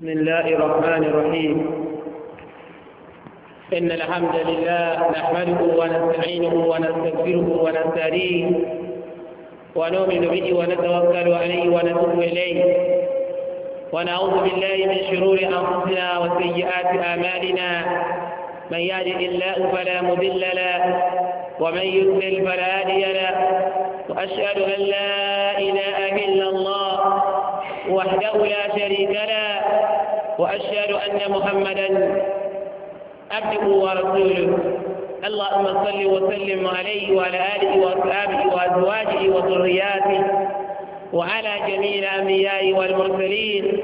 بسم الله الرحمن الرحيم إن الحمد لله نحمده ونستعينه ونستغفره ونستهديه ونؤمن به ونتوكل عليه ونتوب إليه ونعوذ بالله من شرور أنفسنا وسيئات أعمالنا من يهد الله فلا مضل له ومن يضلل فلا هادي له وأشهد أن لا إله إلا الله وحده لا شريك له وأشهد أن محمدا عبده ورسوله اللهم صل وسلم عليه وعلى آله وأصحابه وأزواجه وذرياته وعلى جميع الأنبياء والمرسلين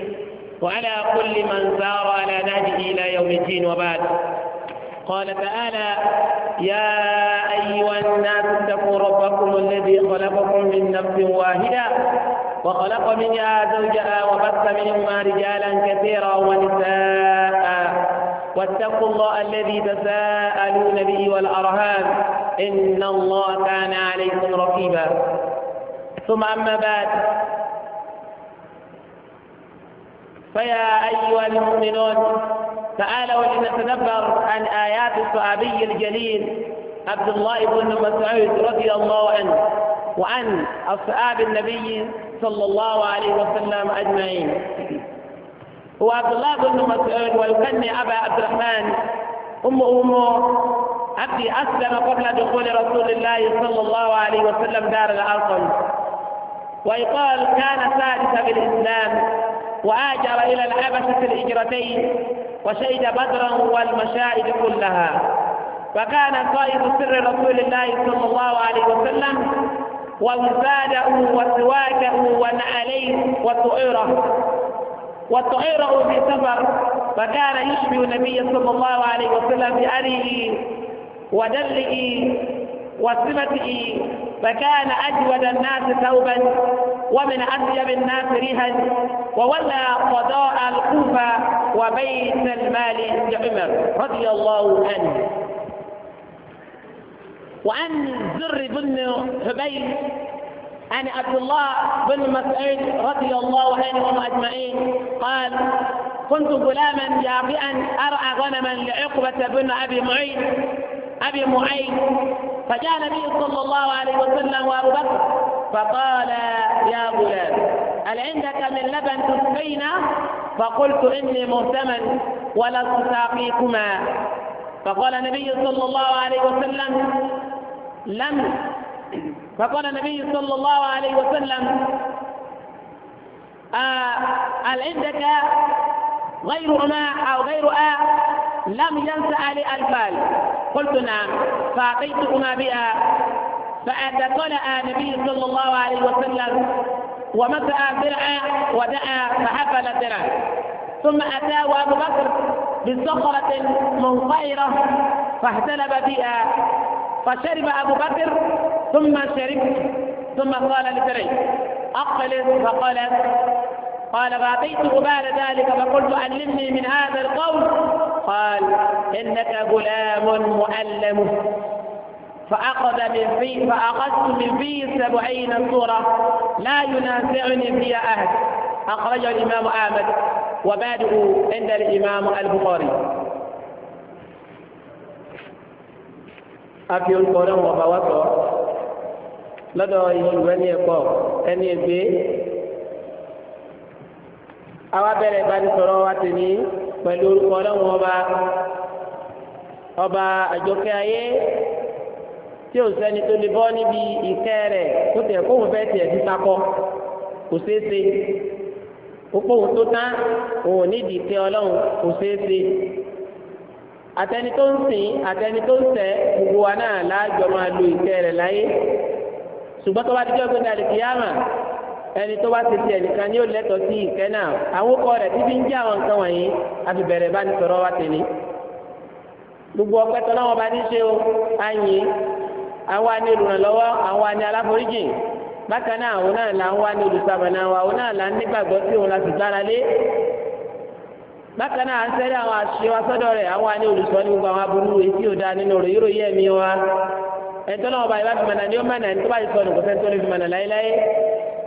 وعلى كل من سار على نهجه إلى يوم الدين وبعد قال تعالى يا أيها الناس اتقوا ربكم الذي خلقكم من نفس واحدة وخلق منها زوجها وبث منهما رجالا كثيرا ونساء واتقوا الله الذي تساءلون به والأرهاب إن الله كان عليكم رقيبا ثم أما بعد فيا أيها المؤمنون تعالوا لنتدبر عن آيات الصحابي الجليل عبد الله بن مسعود رضي الله عنه وعن أصحاب النبي صلى الله عليه وسلم أجمعين وعبد الله بن مسعود والكني أبا عبد الرحمن أم أمه عبد أسلم قبل دخول رسول الله صلى الله عليه وسلم دار الأرقم ويقال كان ثالثا بالإسلام وآجر إلى الحبشة الهجرتين وشهد بدرا والمشاهد كلها وكان صائد سر رسول الله صلى الله عليه وسلم ووزاده وسواكه ونعليه وطعيره وطعيره في سفر فكان يشبه النبي صلى الله عليه وسلم بأله ودله وسمته فكان أجود الناس ثوبا ومن أطيب الناس ريحا وولى قضاء الكوفة وبيت المال لعمر رضي الله عنه وعن زر بن هبيل عن عبد الله بن مسعود رضي الله عنهم اجمعين قال كنت غلاما جافئا ارعى غنما لعقبه بن ابي معين ابي معين فجاء النبي صلى الله عليه وسلم وابو بكر فقال يا غلام هل عندك من لبن تسقينا فقلت اني مهتما ولست ساقيكما فقال النبي صلى الله عليه وسلم لم فقال النبي صلى الله عليه وسلم آه هل عندك غير ما أو غير آ لم ينسى لي الفال قلت نعم فأعطيتهما بها فأدخلها آه النبي صلى الله عليه وسلم ومسأ درعا ودعا فحفل درعا ثم أتاه أبو بكر من صخرة منقيرة فاحتلب بها فشرب أبو بكر ثم شرب ثم قال لفريد أقلت فقالت قال فأتيت بعد ذلك فقلت علمني من هذا القول قال إنك غلام مؤلم فأخذ من في فأخذت من في سبعين سورة لا ينازعني فيها أحد أخرجه الإمام أحمد وبادئ عند الإمام البخاري أبي القرآن وبواسطة lọ́dọ̀ ìṣùgbọ́ni ẹ̀kọ́ ẹni ẹgbẹ́ àwa bẹ̀rẹ̀ ìbánisọ̀rọ̀ wa ti ní pẹ̀lú orúkọ ọlọ́run ọba ọba àjọkẹ́ ayé tí ò sẹ́ni tó lè bọ́ níbi ìkẹ́ rẹ̀ kó tẹ̀ kó fẹ́ tiẹ̀ ti sakọ kò ṣeé ṣe òpó òun tó tán òun ò nídìí pé ọlọ́run kò ṣeé ṣe àtẹni tó ń sìn àtẹni tó ń ṣẹ̀ gbogbo wa náà láàjọ máa lo ìtẹ́ rẹ̀ láyé ṣùgbọ́n tó bá ti jẹ́ ọgbẹ́ni àlìkìyàmà ẹni tó bá ti ti ẹnìkan ní ó sí ìkẹ́ náà àwọn ọkọ rẹ̀ ti fi ń jẹ́ àwọn nǹkan wọ̀nyí àfi bẹ̀rẹ̀ bá ní sọ̀rọ̀ wa tẹ̀lé gbogbo ọpẹ́ tọ́lá wọn bá ní ṣe o á yin àwa ni olùrànlọ́wọ́ àwa ni aláforíjìn bákan náà òun náà là ń wá ní olùsàmọ̀nà wa òun náà là ń nígbàgbọ́ sí òun láti gbára lé bákan náà ń sẹ́rí àwọn àṣìṣe wa sọ́dọ̀ rẹ̀ àwọn àní olùsọ ní gbogbo àwọn aburú etí òda nínú ròyìnròyìn ẹ̀mí wa ẹ̀tọ́ náà ọba ìbáfi mọ̀nà ni ó mọ̀nà ní tó bá ti sọnù kò sẹ́ni tó fi mọ̀nà láéláé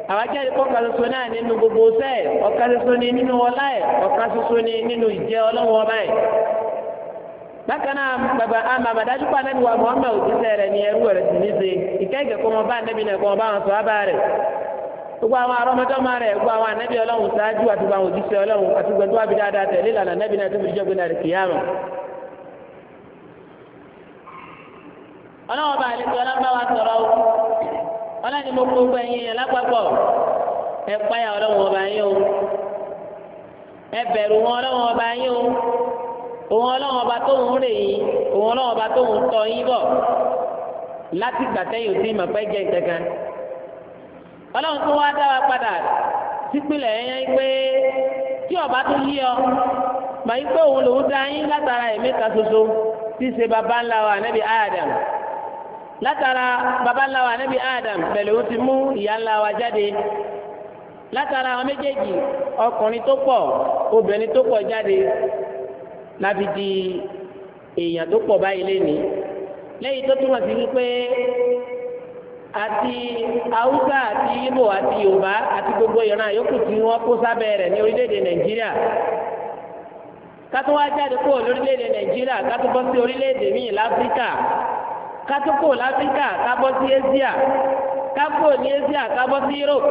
àwọn akẹ́rì kọ́ ọ̀ka soso náà nínú gbogbo sẹ́ẹ̀ ọ̀ka soso ni nínú ọlá ẹ̀ ọ̀ka ni nínú ìjẹ́ ọlọ́wọ́ ọba bákan náà bàbá àmàmà dájú pa anabi wa muhammad òjíṣẹ́ rẹ̀ ní ẹrú rẹ̀ sì ní ṣe ìkẹ́kẹ́ kó mọ bá anabi náà kó mọ bá wọn sọ ábà rẹ̀ gbogbo àwọn arọmọdọ́mọ rẹ̀ gbogbo àwọn anabi ṣáájú àwọn dáadáa anabi náà tó fi kìyàmù. ọlọ́wọ́ bá àlejò wa sọ̀rọ̀ o ọlọ́ni òun ọlọ́run ọba tó ń rè yín òun ọlọ́run ọba tó ń tọ́ yín bọ̀ láti gbà sẹ́yìn òsì mọ̀ pé jẹ́ ọlọ́run tó wá dá wa padà sípìlẹ̀ pé tí ọba tó yí ọ pé òun lòún dá yín látara ẹ̀mí tí látara baba ńlá ti mú ìyá ńlá wa látara àwọn méjèèjì ọkùnrin tó láti di èèyàn tó pọ̀ báyìí lẹ́ni lẹ́yìn tó túmọ̀ sí wípé àti haúsá àti ibo àti yorùbá àti gbogbo ìran àyókù tí wọ́n kó sábẹ́ rẹ̀ ní orílẹ̀-èdè nàìjíríà kátó wá jáde kó lórílẹ̀-èdè nàìjíríà kátó bọ́ sí orílẹ̀-èdè míì láfíríkà kátó kó láfíríkà kábọ́ sí asia kábò ní asia kábọ́ sí europe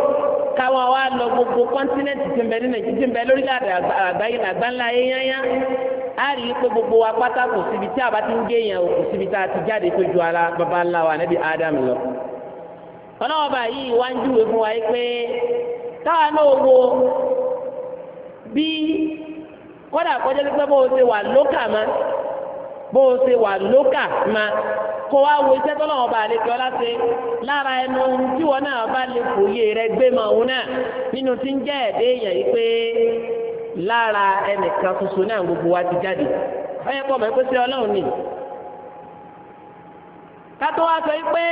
káwọn wá lọ gbogbo kọ́ńtínẹ̀tì tí ń bẹ ní nàìjíríà tí ń bẹ lórílẹ̀-èdè àgbáńlá yẹ́yẹ́yẹ́ a ikpe gbogbo wa ti ń gé yẹn o kò síbi tá a ti jáde tó ju ara baba wa nẹ́bí Adam lọ. ọlọ́wọ́ yìí wá ń júwe fún wa pé táwa náà ma bó o ṣe wà ma kó wa wo iṣẹ́ lè lára ẹnu tí wọn náà rẹ gbé màá náà nínú tí ń jẹ́ ẹ̀dẹ́ lára ẹnìkan ṣoṣo náà gbogbo wa ti jáde ọyẹ pọ̀ mọ́ ẹ pé sí ọlọ́run ni kátó wá sọ pé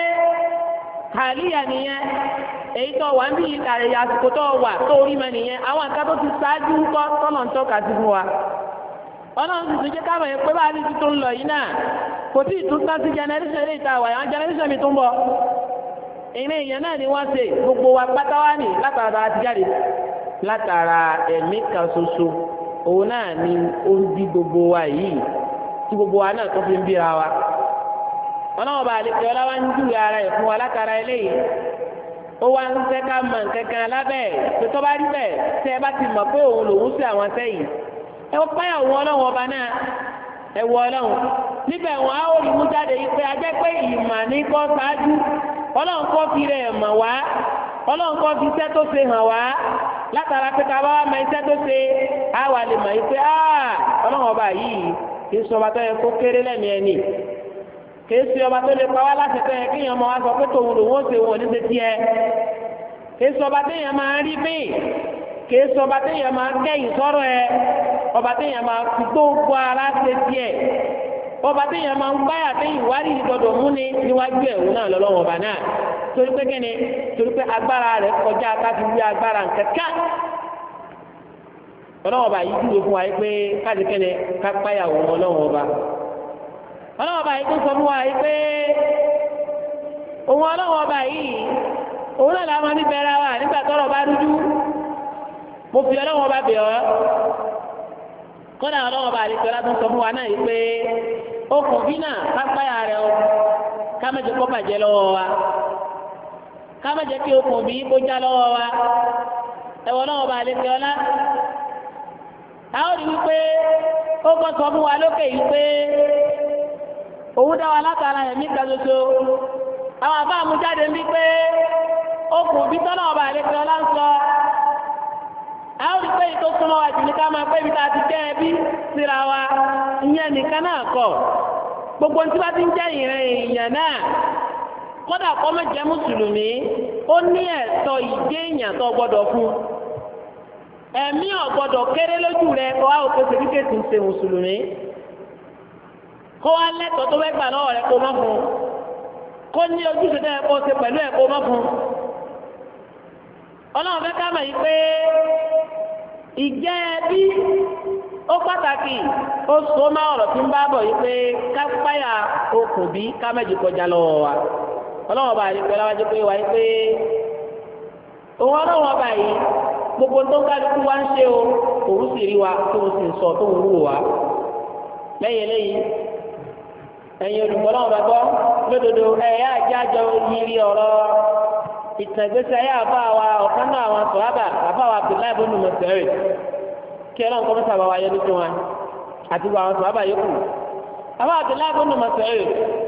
kàlíyà nìyẹn èyí tó wà níbi àyè àsìkò tó wà tó rí mọ nìyẹn àwọn nǹkan tó ti ṣáájú ńkọ́ tọ́lọ̀ ń tọ́ka sí fún wa ọlọ́run sì tún jẹ́ bá a tuntun lọ yìí náà kò tí ì tún sá sí jẹnẹrẹsẹ ilé ìta jẹnẹrẹsẹ mi tún ìrìn náà ni ṣe gbogbo wa pátá wá nì àti jáde. látara ẹ̀mí kan ṣoṣo òun náà ni ó ń gbogbo wa yìí tí gbogbo wa náà tó fi ń bíra wa ọlọ́wọ́ bá àlejò ọlá wa ń jù ara ẹ̀ fún wa látara eléyìí ó wá ń ká mọ̀ lábẹ́ ẹ̀ pé tó bá rí bẹ́ẹ̀ tẹ́ ẹ bá àwọn sẹ́yìn ẹ ọlọ́wọ́ ọba náà ẹ wọ níbẹ̀ wọn látara pé ká bá wá mọ iṣẹ́ tó ṣe á wà lè mọ̀ pé ọlọ́run ọba yìí kì í sọ ọba tó yẹ kó kéré lẹ́mìí ẹni kì í sọ ọba tó lè pa wá láti tẹ́ yẹ kéèyàn mọ wá sọ pé tòun lòun ó ṣe wọn ò ní ṣe tiẹ̀ kì í sọ ọba téèyàn máa rí bẹ́ẹ̀ kì í sọ ọba téèyàn máa kẹ́yìn sọ́rọ̀ ẹ ọba téèyàn máa gbogbo ara ṣe tiẹ̀ ọba téèyàn máa ń gbáyà téèyàn wárí ìdọ̀dọ̀ múni níwájú ẹ̀hún torí pé kí ni torí pé agbára rẹ̀ kọjá káfí wí agbára nkẹ́kẹ́ ọlọ́wọ́n ọba yìí dúró fún wa pé káàdì kẹ́ni kápáyàwó ọlọ́wọ́n ọba ọlọ́wọ́n ọba yìí tó sọ fún wa pé òun ọlọ́wọ́n ọba yìí òun náà làwọn bẹ̀rẹ̀ wa nígbà bá dúdú mo fi ọlọ́wọ́n bẹ̀ ọ́ kọ́nà ká má jẹ́ kí okùn òbí kó já lọ́wọ́ wa ẹ̀wọ̀n náà bá lè fi ọlá. a ó rí wípé ó kọ́ sọ fún wa lókè yìí pé òun dá wa látara ẹ̀mí kan ṣoṣo àwọn àbá mu jáde ń bí pé okùn òbí tọ́nà ọba lè fi ọlá sọ. a ó pé èyí tó súnmọ́ wa jù ní ká máa pé ibi tá a ti jẹ́ ẹbí síra wa ìyẹn nìkan náà kọ̀ gbogbo ní tí ti ń jẹ́ ìrìn èèyàn náà kódà kó má jẹ́ mùsùlùmí ó ní ẹ̀tọ́ ìjẹ́ èèyàn tó gbọ́dọ̀ fún ẹ̀mí ò gbọ́dọ̀ kéré lójú rẹ kó wá òkè sèkíkèsì ń ṣe mùsùlùmí kó wá lẹ́tọ̀ọ́ tó fẹ́ gbà lọ́wọ́ rẹ kó má fún un kó ní ojúṣe náà kó ṣe pẹ̀lú ẹ̀ kó má fún ọlọ́run fẹ́ ká mọ̀ yìí pé ìjẹ́ ẹbí ó pàtàkì ó so má ọ̀rọ̀ tí ń bá bọ̀ yìí pé ká páyà okùn bí ká mẹ́jọ kọjá lọ́wọ́ wa. ọlọ́wọ́n bá yìí pẹ̀lú àwọn ajẹ́pẹ́ wáyé pé òun ọlọ́wọ́n bá yìí gbogbo tó kálukú wá ń ṣe o òun sì rí wa tó o sì ń sọ tó o wa lẹ́yìn eléyìí ẹ̀yin olùkọ́ ọlọ́wọ́n bá gbọ́ lódodo ẹ̀yà àjájọ yiri ọ̀rọ̀ ìtàgbésí ayé àbá wa ọ̀kan náà àwọn àbá wa Abdullahi kí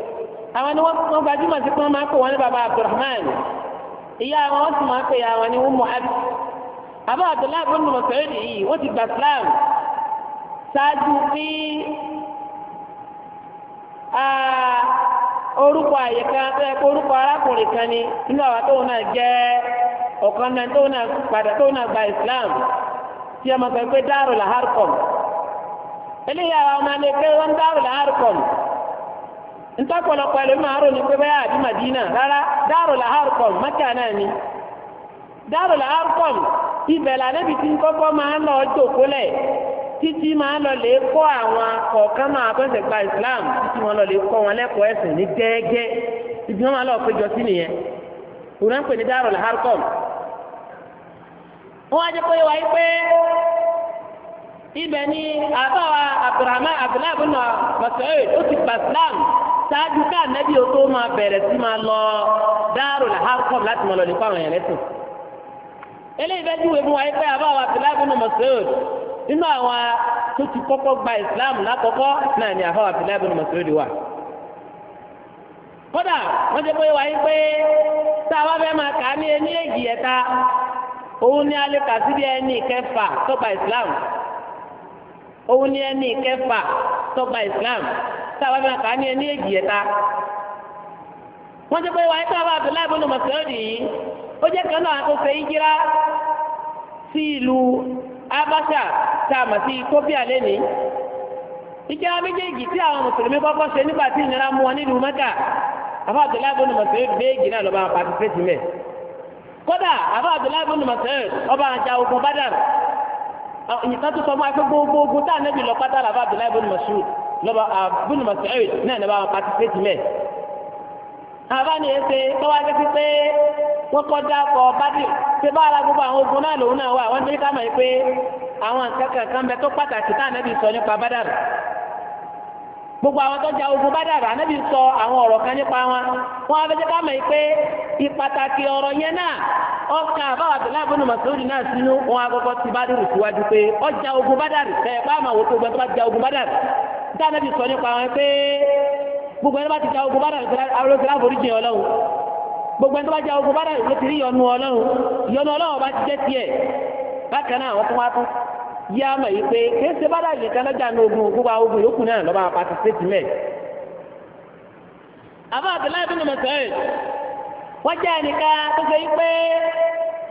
àwọn ni wọ́n gbajúmọ̀ sí pé wọ́n máa ń pè wọ́n ní baba abdulrahman ìyá wọn wọ́n sì máa ń pè ya wọn ní wọ́n muhammed baba abdullahi bin Mas'ud yìí wọ́n ti gba islam ṣáájú bí orúkọ àyè kan tó yẹ kó orúkọ arákùnrin kan ni nínú àwọn tóun náà jẹ́ ọ̀kan náà tóun náà padà tóun náà gba islam tí a máa sọ pé Darul Harqam eléyàwó ọmọ alẹ́ pé wọ́n Darul Harqam ntọ́pọ̀lọpọ̀ ẹlòmí máa rò ní pé báyà àbí Madina rárá dáàrò làhárùkọ̀m Mẹ́kà náà ni dáàrò làhárùkọ̀m ibẹ̀ lànàbí tí kọ́kọ́ máa ń lọ jòkólẹ̀ títí máa ń lọ lè kọ́ àwọn kọ̀ọ̀kan máa bẹ́sẹ̀ gba Islam títí wọn lọ lè kọ́ wọn lẹ́kọ̀ọ́ ẹ̀sìn ní gẹ́gẹ́ ibi wọn máa lọ péjọ sí nìyẹn òun náà ń pè ní dáàrò làhárùkọ̀m wọ́n á jẹ́ pé wáyé pé ibẹ̀ ni àbáwa Abdulrahman Abdullahi bin Mas'ud ó ti gba Islam ṣáájú ká nẹ́bí o tó máa bẹ̀rẹ̀ sí máa lọ Darul Harqam láti máa lọ nípa àwọn èèyàn eléyìí bẹ́ẹ̀ júwe fún wa yìí pé àbáwá Abdullahi bin gba Islam lákọ́kọ́ náà ni àbáwá Abdullahi bin Mas'ud wà. kódà wọ́n wa a fẹ́ máa kà á ní ẹni táwa máa kà á ní ẹni èjì ẹ̀ta wọ́n ti pé wáyé sábà abdullahi ibn Mas'ud yìí ó jẹ́ kan náà tó ṣe sí ìlú Abasha tá a mọ̀ sí Ethiopia lẹ́nìí ìjírá méjèèjì tí àwọn mùsùlùmí kọ́kọ́ ṣe nígbà tí ìnira mú wọn nílùú abdullahi méjì náà lọ́ba mẹ́ kódà abdullahi ọba àjà ogun ìyìnká tó sọ fún gbogbogbò tá nẹ́bi lọ pátá abdullahi lọ́ba abúlé Mas'ud náà lọ́ba àwọn patisẹ́tì mẹ́. àbáni ẹsẹ tọ́wọ́ akẹ́kẹ́ pé wọ́n kọjá kọ bádì ṣé bá ara gbogbo àwọn ogun náà lòun náà wà wọ́n ti ká mọ̀ pé àwọn kankan kan bẹ tó pàtàkì tá ànábì sọ nípa bádàrú. gbogbo àwọn tó ja ogun bádàrú ànábì sọ àwọn ọ̀rọ̀ kan nípa wọn wọ́n á fẹ́ ká mọ̀ pé ìpàtàkì ọ̀rọ̀ yẹn náà ọkà àbáwá abdullahi abunu masoudi náà sínú wọn àkọ́kọ́ ti bádàrú síwájú pé ọjà ogun bádàrú ẹ bá àmà gbẹ tó bá ja ogun bádàrú dánábì sọ nípa wọn pé gbogbo ẹni bá ti ja ogun bá dà ló ti láforíjì ọlọ́run gbogbo ẹni tó bá ja ogun bá dà ló ti rí yọnu ọlọ́run yọnu ọlọ́run bá ti jẹ́ tiẹ̀ bákan náà wọ́n tún wá tún yí àmọ̀ yìí pé kí ṣe bá dàgbé kan lọ́jà ní ogun gbogbo àwọn ogun yòókù náà lọ́ba patisipéètì mẹ́ẹ̀. àbá Abdullahi bin Mas'ud wọ́n jẹ́ ẹnìkan tó ṣe yí pé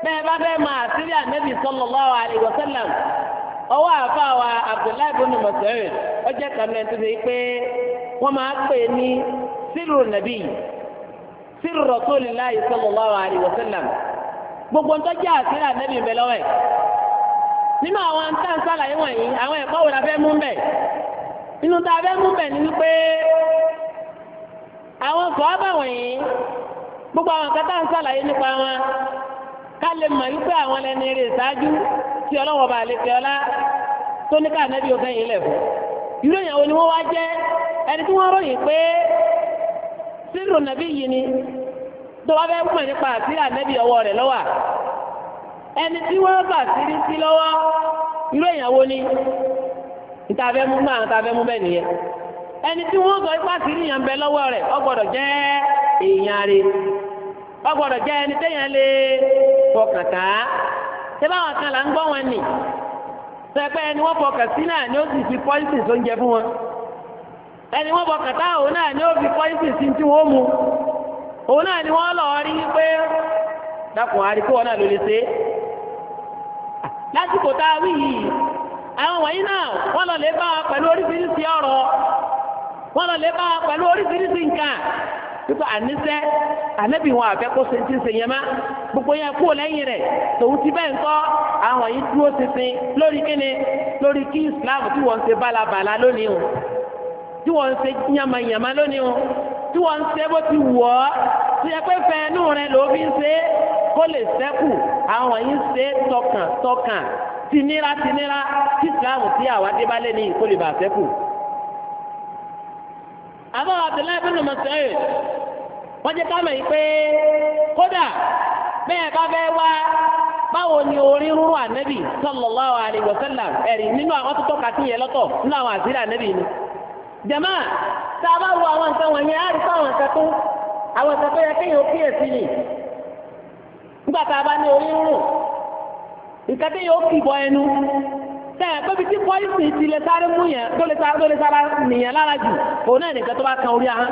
bẹ́ẹ̀ bá fẹ́ máa sírí ànábì sallallahu alaihi wasallam ọwọ́ àfàwà abdullahi bin Mas'ud ọjọ́ kàmínà tó ṣe pé wọ́n máa pè ní sírù nàbí sírù rasulillahi sallallahu alaihi wasallam gbogbo ń tọ́jú àṣírí ànábì bẹ́ẹ̀ lọ́wọ́ ẹ̀ nínú àwọn táwọn sàlàyé wọ̀nyí àwọn ẹ̀kọ́ wo la fẹ́ mú bẹ́ẹ̀ nínú tá a fẹ́ mú bẹ́ẹ̀ ni wípé àwọn sọ̀ọ́bà wọ̀nyí gbogbo àwọn kátà ń sàlàyé nípa wọn ká lè mọ̀ wípé àwọn lẹni rè ṣáájú tí ọlọ́wọ́ bá lè fi ọlá tó ní ká ànábì òfin yìí lẹ̀ fún. irú ìyàwó ni wọ́n wá jẹ́ ẹni tí wọ́n ròyìn pé sírò nàbí yìí ni tó wá fẹ́ pọ̀ nípa àti ànábì ọwọ́ rẹ̀ lọ́wọ́ ẹni tí wọ́n bà sírí sí lọ́wọ́ irú ìyàwó ni ìtàfẹ́mú náà ìtàfẹ́mú bẹ́ẹ̀ nìyẹn ẹni tí wọ́n sọ ipá sírí yàn bẹ lọ́wọ́ rẹ̀ ó gbọ́dọ̀ jẹ́ èèyàn rẹ̀ ó gbọ́dọ̀ jẹ́ ẹni téèyàn lè fọkàn tán. ebe wọn kan là ń gbọ́ wọn nì sẹ́pẹ́ ẹni wọ́n fọkàn sí náà ni ó sì fi pọ́ìsì tó ń jẹ fún wọn ẹni wọ́n fọkàn náà ni ó fi pọ́ìsì sí tí wọ́n mu òun náà ni wọ́n lọ rí pé dákun àríkó wọn náà ló lè ṣe é lásìkò tá a wí yìí àwọn wọ̀nyí náà wọ́n lọ lè bá wa pẹ̀lú oríṣiríṣi ọ̀rọ̀ wọ́n lọ nípa àníṣẹ́ ànábì wọn àfẹ́ kó ṣe ti ṣe yẹn má gbogbo yẹn kú lẹ́yìn rẹ̀ tòun ti bẹ́ẹ̀ ń kọ́ àwọn yìí dúró ṣinṣin lórí kíni lórí kí islam tí wọ́n ń ṣe bálabàla lónìí o tí wọ́n ń ṣe yamayama lónìí o tí wọ́n ń ṣe bó ti wọ̀ ọ́ tí ẹ pé fẹ́ẹ́nù rẹ ló fi ń ṣe kó lè sẹ́kù àwọn yìí ń ṣe tọkàn tọkàn tìnira tìnira tí islam ti àwa dé bá lé ní ìkólè bá sẹ́kù. àbá Abdullahi bin Mas'ud wọ́n jẹ́ ká mọ̀ yìí pé kódà bẹ́ẹ̀ bá fẹ́ wá báwo ni orí rúrú ànábì sallallahu alaihi wasallam ẹ̀rí nínú àwọn tó tọ́ka sí yẹn lọ́tọ̀ nínú àwọn àzírí ànábì ni. jama tá a bá wo àwọn nǹkan wọ̀nyẹn á rí fún nǹkan tó àwọn nǹkan tó yẹ kéèyàn kíyèsí ni nígbà tá a bá ní orí rúrú nǹkan tó yẹ ó kì bọ ẹnu tẹ pẹbi tí pọ́ìsì ti lè sáré mú yẹn tó lè sára nìyẹn lára jù òun náà nìkan tó bá kan orí ahọ́n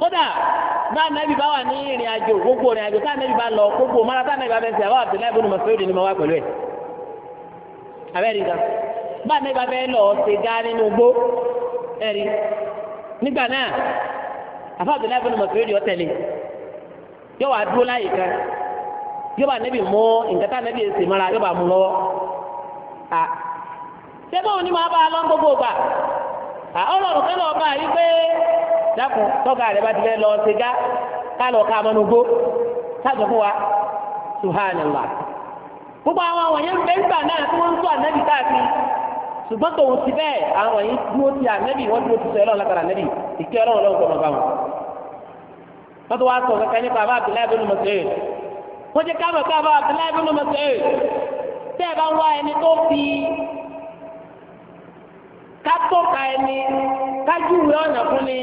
kódà bá anabi bá wà ní ìrìn àjò gbogbo ìrìn àjò tá anabi bá lọ gbogbo mara tá anabi bá fẹsẹ̀ àwọn abdullahi ibn Mas'ud ni mo wá pẹ̀lú ẹ̀ abẹ́rẹ́ nǹkan bá anabi bá fẹ́ lọ ṣe gá nínú gbó ẹ̀rí nígbà náà àfa abdullahi ibn Mas'ud ó tẹ̀lé yóò wá dúró láyè kan yóò bá anabi mú nǹkan tá anabi èsì mara yóò bá mú lọ́wọ́ à ṣé báwo ni màá bá a lọ gbogbo gbà à ọlọ́run kẹ́lọ́ dákun tọ́ka rẹ̀ bá ti fẹ́ lọ ká gbó fún wa subhanallah. gbogbo àwọn àwọn yẹn bẹ́ẹ̀ gbà náà tí wọ́n ń tó ànábì káàkiri ṣùgbọ́n tòun ti bẹ́ẹ̀ àwọn yìí dúró ti ànábì wọ́n dúró ti sọ ẹlọ́run látara ànábì ìkẹ́ ọlọ́run lọ́wọ́ sọ̀rọ̀ bá wọn. wọ́n sọ kankan nípa àbá Abdullahi bin Mas'ud wọ́n ti ká àbá Abdullahi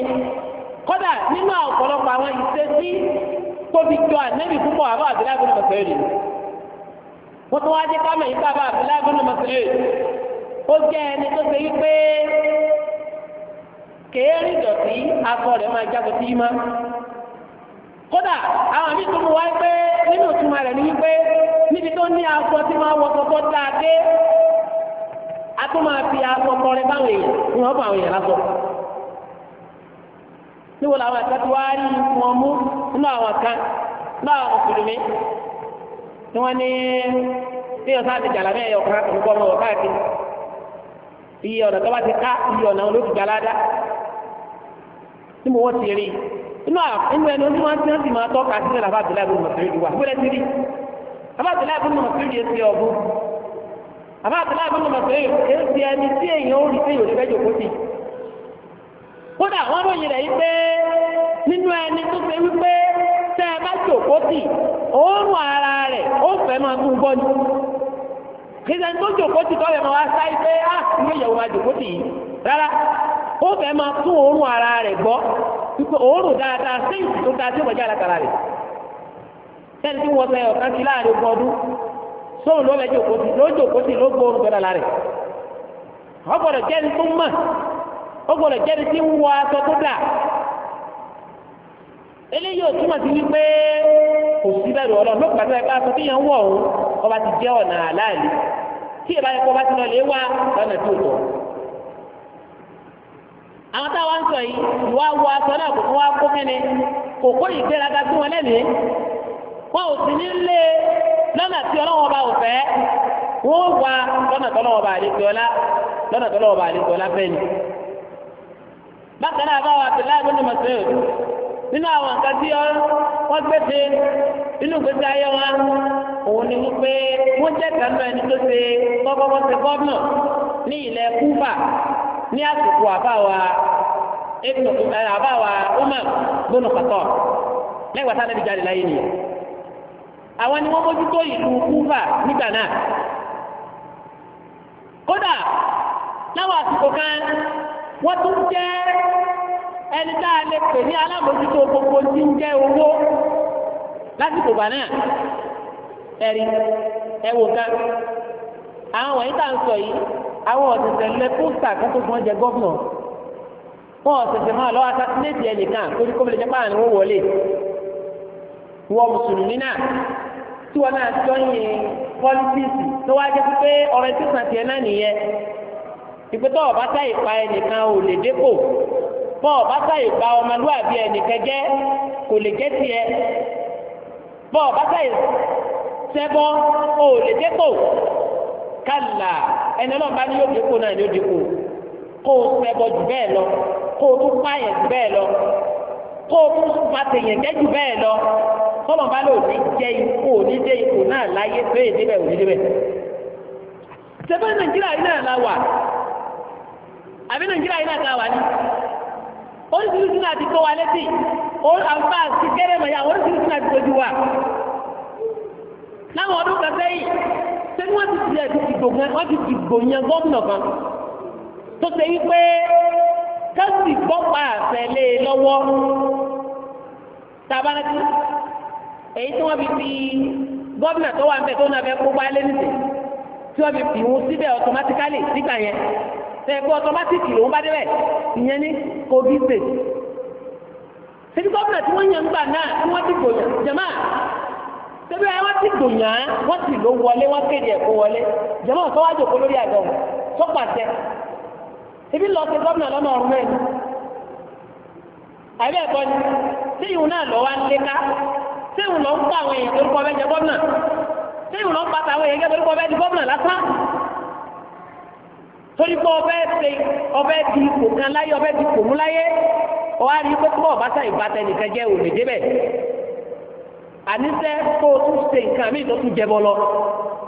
kọ́dà nínú ọ̀pọ̀lọpọ̀ àwọn ìṣesí tóbi jọ ànẹ́bì púpọ̀ àbá Abdullahi bin Mas'ud wọ́n tún wá dé ká mẹ́yìn bàbá Abdullahi bin Mas'ud ó jẹ́ ẹni tó ṣe wípé kéèrè dọ̀tí akọ rẹ̀ máa jágbe sí ma kódà àwọn àmì tó mú wáyé pé nínú ìtumọ̀ rẹ̀ ni wípé níbi tó ní akọ tí máa wọ kọ́kọ́ dáadé a tún máa fi akọ kọrin báwọn èèyàn ń wọ́n níbo làwọn kan ti wá rí wọn mú nínú àwọn kan nínú àwọn mùsùlùmí tí wọ́n ní bí ọ̀sán àti jàlámẹ́ ẹ̀yọ̀ kan kò ń kọ́ ọmọ wọ̀ káàkiri iye ọ̀nà tó bá ti ká iye ọ̀nà olóòtú gbalada níbo wọ́n ti rí inú inú ẹni onímọ̀ tí wọ́n ti máa tọ́ka sí ní àbá àbílẹ̀ àbúrò mọ̀tìrì wà wíwẹ́lẹ́ ti rí àbá àbílẹ̀ àbúrò mọ̀tìrì yẹn ti ọ̀bù àbá àbílẹ̀ àbúrò mọ̀tìrì yẹn ti ẹni tí èèyàn ó rí sí kódà wọ́n ròyìn rẹ̀ yí pé nínú ẹni tó ṣe wípé tẹ́ ẹ bá jòkó òórùn ara rẹ̀ ó fẹ́ máa tún gbọ́ ni kìsẹ̀ tó máa wá sáyé pé á ìyàwó máa yìí rárá ó fẹ́ máa tún òórùn ara rẹ̀ gbọ́ wípé òórùn dáadáa séyìn tó dáa tí ó sẹ́ni tí wọ́n sẹ́ ọ̀kan ó gbọ́dọ̀ jẹ́ni tí ń wọ aṣọ tó dà eléyìí ò túmọ̀ sí wípé kò sí bẹ́ẹ̀ lọ́wọ́ lọ́wọ́ lọ́pàá tó ẹ bá aṣọ tí yẹn ń wọ̀ ọ̀hún ọba ti jẹ́ ọ̀nà àláàlì tí ìbá yẹ kó ọba ti lọ lè wá lọ́nà tó tọ̀ àwọn táwa ń sọ yìí ìwà wọ aṣọ náà kò fún wa kó kẹ́ni kò kó ìgbéraga sí wọn lẹ́nìí wọn ò sì ní lé lọ́nà tí ọlọ́wọ́n bá ò fẹ́ wọ́n wà lọ́nà tọ́lọ́wọ́n bá àlejò ọlá lọ́nà tọ́lọ́wọ́n bá àlejò ọlá fẹ́ bákan náà báwa abdullahi bin Mas'ud nínú àwọn nǹkan tí wọ́n gbé ṣe nínú ìgbésí ayé wa òun ni wípé wọ́n jẹ́ kánú ẹni tó ṣe kọ́kọ́kọ́ ṣe gọ́ọ̀nà ní ilẹ̀ kúfà ní àsìkò àbáwa àbáwa Umar bin Khattab lẹ́gbàá tá a lẹ́bi jáde láyé nìyẹn àwọn ni wọ́n mójútó ìlú kúfà nígbà náà kódà láwọn àsìkò kan. wọ́n tún jẹ́ ẹni tá a lè pè ní alábòjútó gbogbo tí ń lásìkò gbà náà ẹ̀rí ẹ̀wò kan àwọn wọ̀nyí tá yìí àwọn ọ̀sẹ̀sẹ̀ tó fún jẹ gọ́vnọ̀ lọ́wọ́ asásínéètì kó lè jẹ́ pààrọ̀ ni wọlé náà tí wọn náà ń yin pọ́lítíìsì tó wá jẹ́ pé ọ̀rẹ́ tí náà nìyẹn ìpètọ́ ọ̀bá sáyè pa ẹnìkan ò lè dépò bọ́ ọ̀bá sáyè pa ọmọlúwàbí ẹnìkan jẹ́ kò lè jẹ́ tiẹ̀ bọ́ ọ̀bá sáyè sẹ́bọ́ ò lè dépò kálà ẹni ọlọ́run bá ní yóò dépò náà ni ó dépò kó o sẹ́bọ̀ jù bẹ́ẹ̀ lọ kó o tún pààyàn jù bẹ́ẹ̀ lọ kó o tún pàtẹ̀yàn jẹ́ jù bẹ́ẹ̀ lọ kọ́lọ̀ bá lò ní jẹ́ ipò onídé ipò náà láyé pé èdè bẹ̀ òní débẹ̀. sẹ́fẹ́ nàìjíríà yìí náà la wà àbí nàìjíríà yìí náà ká wà ní oríṣiríṣi náà ti tó wa létí àǹfà ti kéré mọ̀yà oríṣiríṣi náà ti tójú wa láwọn ọdún kan sẹ́yìn ṣé wọ́n ti tilẹ̀ ti dìbò gan wọ́n ti dìbò yan gómìnà kan tó ṣe yí pé kẹ́sì gbọ́pà àfẹ́lé e lọ́wọ́ tabarati èyí tí wọ́n fi fi gómìnà tó wà ń bẹ̀ tó náà fẹ́ kópa lẹ́nìtì tí wọ́n fi fi wọn síbẹ̀ ọ̀tọ́mátíkálì nígbà yẹn tẹ̀gbọ́ ọ̀tọ́mátìkì lòún bá débẹ̀ ìyẹn ní covid state. ṣèbí gómìnà tí wọ́n yàn gbà náà tí wọ́n ti gbòyàn jẹ̀mọ́ tẹ̀bí wọ́n ti gbòyàn wọ́n sì ló wọlé wọ́n kéde ẹ̀kọ́ wọlé jẹ̀mọ́ sọ́wájú òkú lórí àjọ sọ́pàṣẹ. ṣèbí lọ sí gómìnà lọ́nà ọ̀run mẹ́rin. àbí ẹ̀kọ́ ni tí ìhun náà lọ wá ń léka tí ìhun lọ ń kọ àwọn èèyàn tó ń kọ tí ìrùlọ́ ń bàtà àwọn èèyàn torí pé ọbẹ̀ di gómìnà lásán torí pé ọbẹ̀ ṣe ọbẹ̀ di ipò kan láyé ọbẹ̀ di ipò mú láyé ọwọ́ àrí pé tí wọ́n bá sá ìbátẹ nìkan jẹ́ òní débẹ̀ àníṣe kó o tún ṣe nǹkan mí tó tún jẹ bọ́ lọ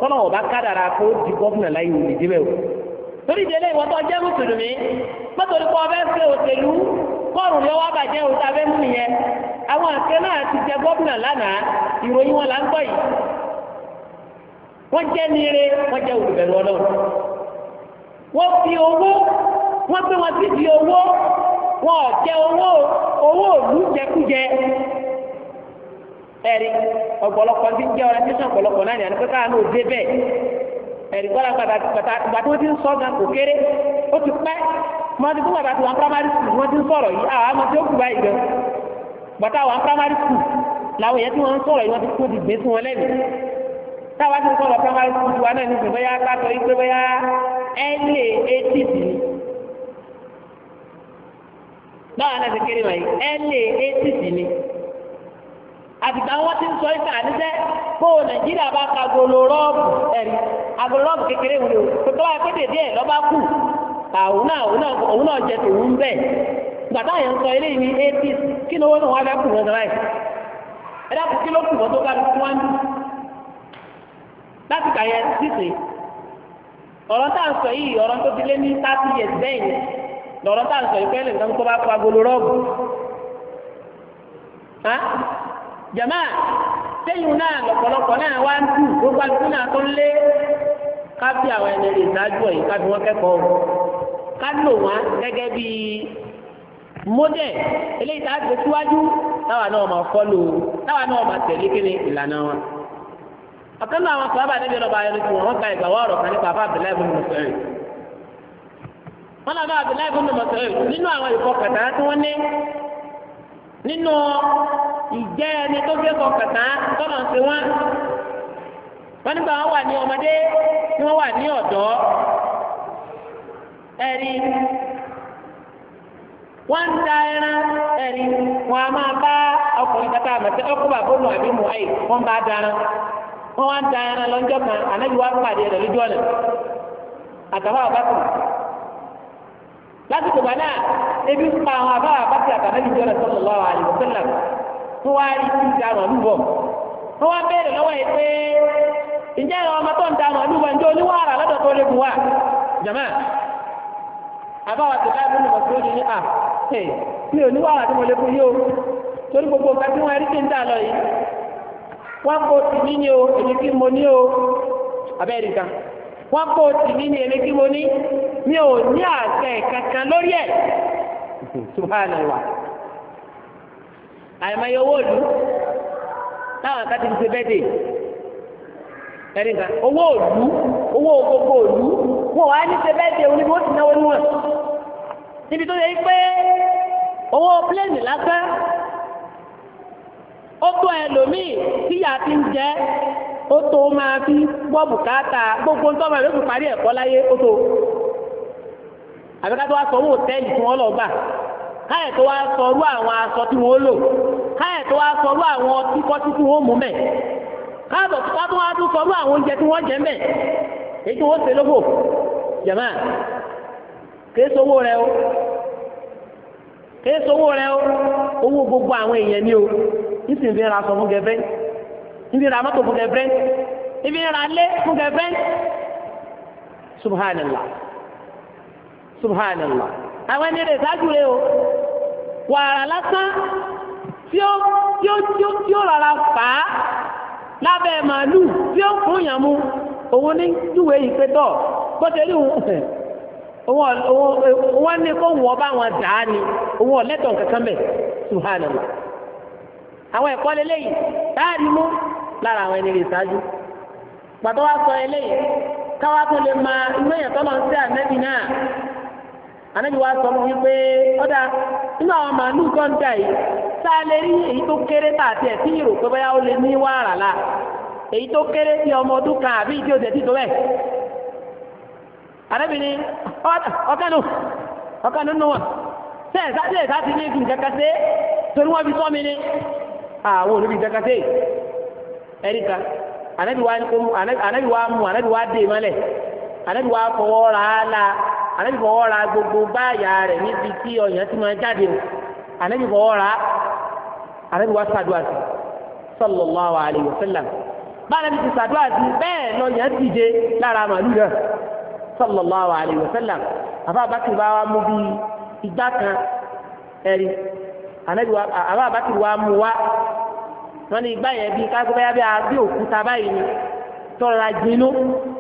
tọ́lọ̀ wọn kádàrà kó o di gómìnà láyé òní débẹ̀ o torí ìdílé ìwọ́tọ̀ jẹ́ mùsùlùmí pẹ́tòrí pé ọbẹ̀ ṣe òṣèlú kọ́ọ̀rùn lọ́wọ́ àbàjẹ́ òṣàfẹ́ mú nìyẹn àwọn àṣẹ náà ti jẹ gómìnà lánàá ìròyìn wọn là ń gbọ́ yìí wọ́n jẹ́ nire wọ́n jẹ́ olùbẹ̀rù ọlọ́run wọ́n fi owó wọ́n owó wọ́n owó owó òlù jẹkújẹ ẹ̀rí ọ̀pọ̀lọpọ̀ ti ń jẹ́ ọ̀rẹ́ tí sàn ọ̀pọ̀lọpọ̀ náà ní àná pẹ́ká náà dé bẹ́ẹ̀ ẹ̀rí pàtàkì ìgbà tí wọ́n ti ń sọ gan kò kéré ó ti pẹ́ wọ́n ti fún bàbá tí wọ́n primary school wọ́n ti ń sọ̀rọ̀ yìí àwọn tí ó kù báyìí gan táwa ti sọ̀rọ̀ primary school wa náà níbi bóyá kátó ìgbé bóyá ẹ̀lẹ́ báwa náà ti kéré wáyé ẹ̀lẹ́ ni àtìgbà wọn ti ń sọ nàìjíríà agolo agolo kékeré kù àwọn náà náà jẹ tòun gbàtà yẹn ń sọ eléyìí ní eighty kí ni owó náà kù wọn ẹ láti kà yẹn sísè ọ̀rọ̀ tá à ń sọ yìí ọ̀rọ̀ tó ti lé ní thirty years bẹ́ẹ̀ ni tá à ń sọ yìí pẹ́ẹ́lẹ̀ nǹkan tó bá pa golo rọ́ọ̀bù jama sẹ́yìn náà lọ́pọ̀lọpọ̀ náà wá ń tù gbogbo àti náà tó ń lé káfí àwọn ẹni rè ṣáájú ọ̀yìn káfí wọn kẹ́kọ̀ọ́ ká lò wọn gẹ́gẹ́ bí mọ́dẹ̀ eléyìí tá a ti síwájú táwa náà máa fọ́lò táwa náà máa tẹ̀lé kíni ìlànà wọn. ọ̀kan na àwọn sọ́ọ́bà níbi ọlọ́ba ayọ́lẹ́ tí wọ́n gba ìgbà wọ́ọ̀rọ̀ kan nípa bá abdullahi bin musaid wọn náà bá abdullahi bin musaid nínú n'inu ìkọ kàtà tí wọ́n ní nínú ìjẹ́ ẹni tó fẹ́ kọ kàtà tọ́nà wọn da ẹran wọn a máa bá ọkùnrin ọkùnrin bàbá àbí wọ́n wá ń ta ẹran lọ́jọ́ kan ànábi wá pàdé rẹ̀ lójú ọ̀nà àtàwọn àbákù lásìkò bá náà ebi ń pa àwọn àbáwọ̀ àbákù àtànábi jọ́nà sallallahu alaihi wasallam tó wá rí ti ta màlúbọ̀ wọ́n wá béèrè lọ́wọ́ yìí pé ǹjẹ́ àwọn ọmọ tó ń ta màlúbọ̀ ǹjẹ́ oníwàrà lọ́dọ̀ tó lè bù wá jàmá àbáwọ̀ àtẹ̀ká ìbúni mọ̀síwọ́n ní à wọ́n kó tì mí ni o èmi kí mo ní o abẹ́rẹ́ nǹkan wọ́n kó tì mí ni èmi kí mo ní mi ò ní àṣẹ kankan lórí ẹ̀ e. subhanallah àìmọye oh. owó òlu táwọn kan ti fi ṣe bẹ́ẹ̀ dé ẹ̀rí nǹkan owó òlu owó gbogbo òlu wọn wá ní ṣe bẹ́ẹ̀ dé oníbi wọ́n ti náwó níwọ̀n níbi tó yẹ pé owó pílẹ̀nì lásán. ó tó ẹlòmíì tíyà ti ń jẹ́ ó tó máa fi gbọ́ bùkátà gbogbo nítorí àwọn ìlú parí ẹ̀kọ́ láyé ó tó àbíká tó wá sọ owó tẹ́lì tí wọ́n gbà káyẹ̀ tó wá sọ àwọn aṣọ tí wọ́n lò káyẹ̀ tó wá sọ àwọn tíkọ́tí tí wọ́n mú mẹ́ káàbọ̀ tó wá o rẹ o gbogbo àwọn èèyàn níbi ìbí ra aṣọ fún gẹ̀ẹ́fẹ́ níbi ra mọ́tò fún gẹ̀ẹ́fẹ́ níbi ra lé fún gẹ̀ẹ́fẹ́ subhanallah subhanallah àwọn ẹni rẹ̀ ṣáájú rẹ̀ o wàrà lásán tí ó tí ó tí ó tí ó rárá fà á lábẹ́ màálù tí ó fún yàn mu òun ní júwe ìpè tọ̀ gbọ́dọ̀lì òun òun wọ́n ní kó wọ́n bá wọn dà á ni òun ọ̀lẹ́tọ̀ kankan bẹ̀ subhanallah. àwọn ẹ̀kọ́ lélẹ́yìn táàrí mú lára àwọn ẹni rè ṣáájú pàtó wá sọ eléyìí káwá tó lè máa inú èèyàn tọ́lọ̀ ń sẹ́ sọ fún wípé ọ̀dà inú àwọn gọ́ńdà yìí tá a lè rí èyí tó kéré la èyí tó kéré ti ọmọ ọdún kan àbí ìdí òdè títò bẹ́ẹ̀ ni nù ti ní torí wọ́n àwọn olùbí ìdákàtẹ́ ẹ̀ríkà anabi wa anabi wa mu anabi wa dè mọ́lẹ̀ anabi wa fọwọ́ ra la anabi fọwọ́ ra gbogbo báyà rẹ̀ níbi tí ọ̀yàn ti máa jáde o anabi fọwọ́ ra anabi wa sàdúrà sí sallallahu alayhi wa sallam báyà ti sàdúrà sí bẹ́ẹ̀ lọ́yàn ti dé lára màlúù náà sallallahu alayhi wa sallam àfa abakiri wa wa mu bíi igbá kan ẹ̀rí anabi wa abakiri wa mu wa. wọ́n ní igbá yẹn bí kákó ya bí abí òkúta báyìí ni tọ́ra jinú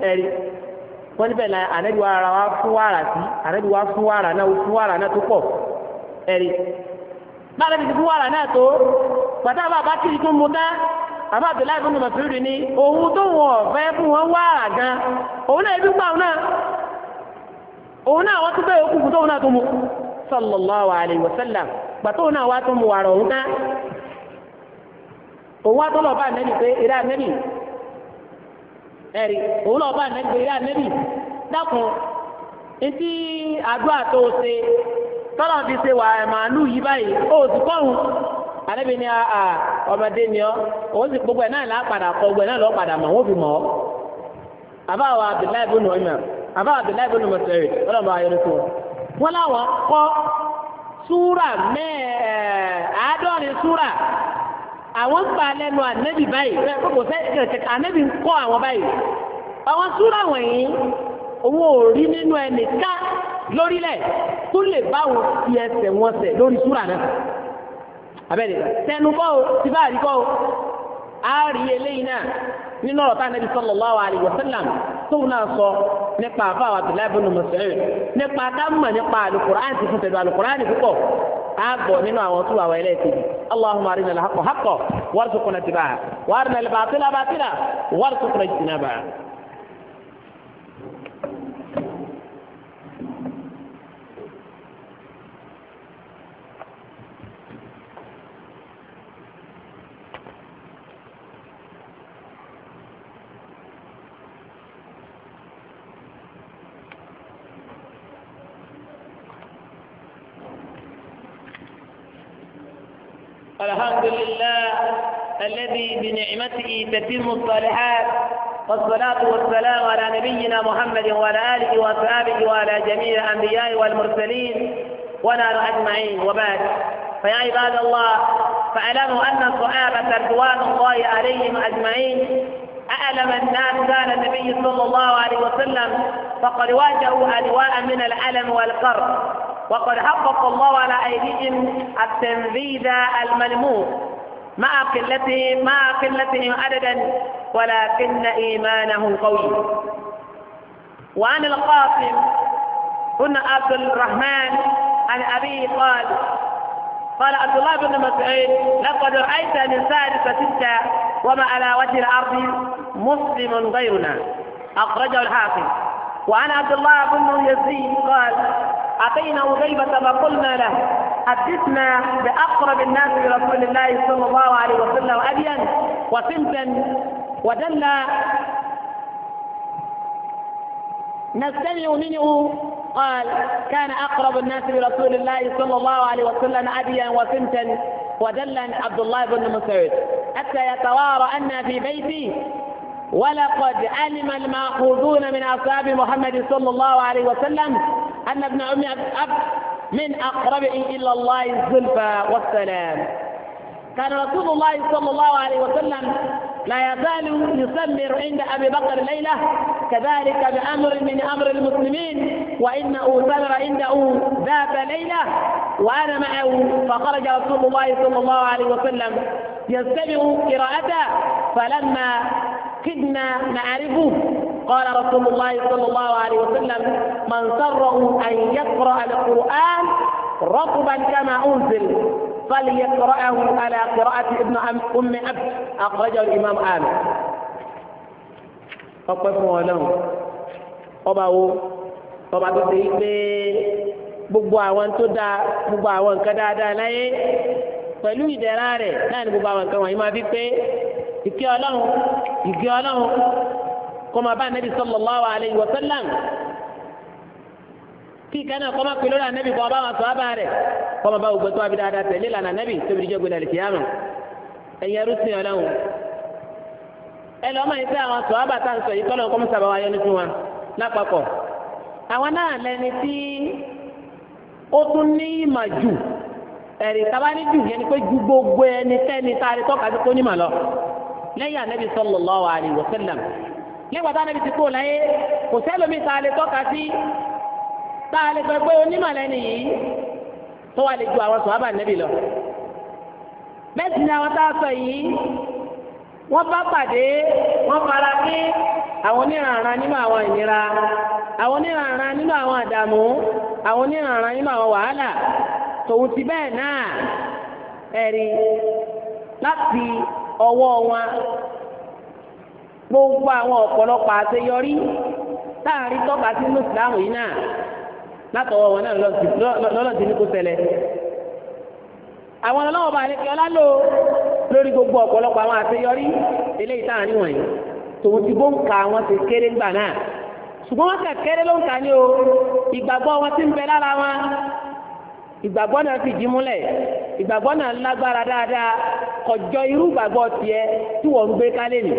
ẹ̀rí wọ́n níbẹ̀ la ànábi wa ara wa fún wàrà sí ànábi wa fún wàrà náà fún wàrà náà tó pọ̀ ẹ̀rí báyìí níbi fún wàrà náà tó pàtó àbá bá kiri tó mu Abdullahi fún mi ni òun tó wọ̀ fẹ́ fún wọn wàrà gan òun náà ebi gbà náà òun atọ́lọ̀ bá nẹ́bi pé eré anẹ́bi ẹ̀rí òun lọ́ọ́ bá nẹ́bi pé eré anẹ́bi dákun etí àdúrà tó ṣe tọ́lọ̀ fi se wà màálù yìí báyìí ó ti kọ́hún anẹ́bi ni ọmọdé ni ọ́ òun sì gbogbo ẹ̀ náà gbogbo ẹ̀ náà lọ́ọ́ mọ̀ wọ́n fi mọ̀ ọ́ Abdullahi láwọn kọ́ súrà mẹ́ẹ̀ẹ́ àwọn gba lẹ́nu ànẹ́bì báyìí kò sẹ́ kẹ̀kẹ́ ànẹ́bì ń kọ́ àwọn báyìí àwọn súrà wọ̀nyí owó ò rí nínú ẹnì ká lórílẹ̀ tó lè bá wọn fi ẹsẹ̀ wọn sẹ̀ lórí súrà náà abẹ́rẹ́ tẹnu kọ́ o ti bá àríkọ́ o a rí eléyìí náà nínú ọ̀rọ̀ táwọn ẹbí sallallahu alaihi wasallam tóun náà sọ nípa àbáwá Abdullahi ibn Mas'ud nípa ká mọ̀ nípa Al-Qur'an àti fúnfẹ̀dọ̀ Al-Qur'an àti púpọ̀ àbọ̀ nínú àwọn tó wà wà ẹlẹ́ẹ̀kejì allahumma arina alhaqa haqqan warzuqna ittiba'a wa arina albatila batila warzuqna ijtinaba. والحمد لله الذي بنعمته تتم الصالحات والصلاة والسلام على نبينا محمد وعلى آله وأصحابه وعلى جميع الأنبياء والمرسلين ونار أجمعين وبعد فيا عباد الله فاعلموا أن الصحابة رضوان الله عليهم أجمعين أعلم الناس كان النبي صلى الله عليه وسلم فقد واجهوا ألواء من الألم والقرب وقد حقق الله على أيديهم التنفيذ الملموس مع قلتهم مع قلتهم عددا ولكن إيمانهم قوي وعن القاسم بن عبد الرحمن عن أبيه قال قال عبد الله بن مسعود لقد رأيت من سادسة ستة وما على وجه الأرض مسلم غيرنا أخرجه الحاكم وعن عبد الله بن يزيد قال أتينا وزيبة فقلنا له حدثنا بأقرب الناس لرسول الله صلى الله عليه وسلم أبيا وسمتا ودلا نستمع منه قال كان أقرب الناس لرسول الله صلى الله عليه وسلم أبيا وسمتا ودلا عبد الله بن مسعود حتى يتوارى أن في بيتي ولقد علم الماخوذون من أصحاب محمد صلى الله عليه وسلم أن ابن أم أب من أقرب إلى الله الزلفى والسلام كان رسول الله صلى الله عليه وسلم لا يزال يسمر عند أبي بكر ليلة كذلك بأمر من أمر المسلمين وإنه سمر عنده ذات ليلة وأنا معه فخرج رسول الله صلى الله عليه وسلم يستمع قراءته فلما كدنا نعرفه قال رسول الله صلى الله عليه وسلم من سره أن يقرأ القرآن رطبا كما أنزل فليقرأه على قراءة ابن أم عبد أخرجه الإمام آمر ọpẹ́ fún ọba wo ọba tó ṣe pé gbogbo àwọn tó dáa gbogbo àwọn nǹkan dáadáa láyé pẹ̀lú ìdẹ̀ra rẹ̀ náà ni gbogbo àwọn nǹkan wọ̀nyí máa fi pé ìkẹ́ Ọlọ́run ìkẹ́ Ọlọ́run kọ́má bá anabi sallallahu alayhi wa sallam kí kan náà kọ́má pẹ̀lú anabi kọ́má bá wọn sọ abá rẹ̀ kọ́má bá gbogbo tó wà bí dáadáa tẹ̀lé lànà anabi tóbi díjọ́ gbẹ̀dẹ̀ àlìkìyàmù ẹ̀yẹ rúsìn ọlọ́run ẹ lọ́ọ́ máa ń sẹ́ àwọn sọ abá tá à ń sọ yìí kọ́lọ́ kọ́má sábà wáyé nínú wọn lápapọ̀ àwọn náà lẹni tí ó tún ní ìmọ̀ jù ẹ̀rì tabali jù yẹn ni ju gbogbo ẹnikẹ́ni tá a lè tọ́ka sí kó ní mà lọ lẹ́yìn anabi sallallahu alayhi wa sallam nígbà tá anabi ti kú láyé kò sẹ́lómi tá a lè tọ́ka sí tá a lè fẹ́ pé onímọ̀ lẹ́nu yìí tó wà lè ju àwọn sọ̀hábà nẹ́bì lọ. bẹ́ẹ̀ sì ni àwọn tá a sọ yìí wọ́n bá pàdé wọ́n fara pé àwọn oníranran nínú àwọn ìnira àwọn oníranran nínú àwọn àdàmú àwọn oníranran nínú àwọn wàhálà tòun ti bẹ́ẹ̀ náà ẹ̀rí láti ọwọ́ wọn gbogbo àwọn ọ̀pọ̀lọpọ̀ àṣeyọrí táàrin tọ́ka sí mùsùlùmí yìí náà látọwọ́ wọn náà lọ́lọ́ ti ní kó ṣẹlẹ̀ àwọn ọlọ́wọ́ bá àlekè ọlá lò lórí gbogbo ọ̀pọ̀lọpọ̀ àwọn àṣeyọrí eléyìí táàrin wọ̀nyí tòun ti bó ń ka àwọn ti kéré ńgbà náà ṣùgbọ́n wọ́n kà kéré ló ń kà ní o ìgbàgbọ́ wọn ti ń bẹ lára wọn ìgbàgbọ́ náà fìdí múlẹ̀ ìgbàgbọ́ náà lágbára dáadáa kọjọ irú ìgbàgbọ́ tiẹ̀ tí wọ́n ń gbé kálẹ̀ nì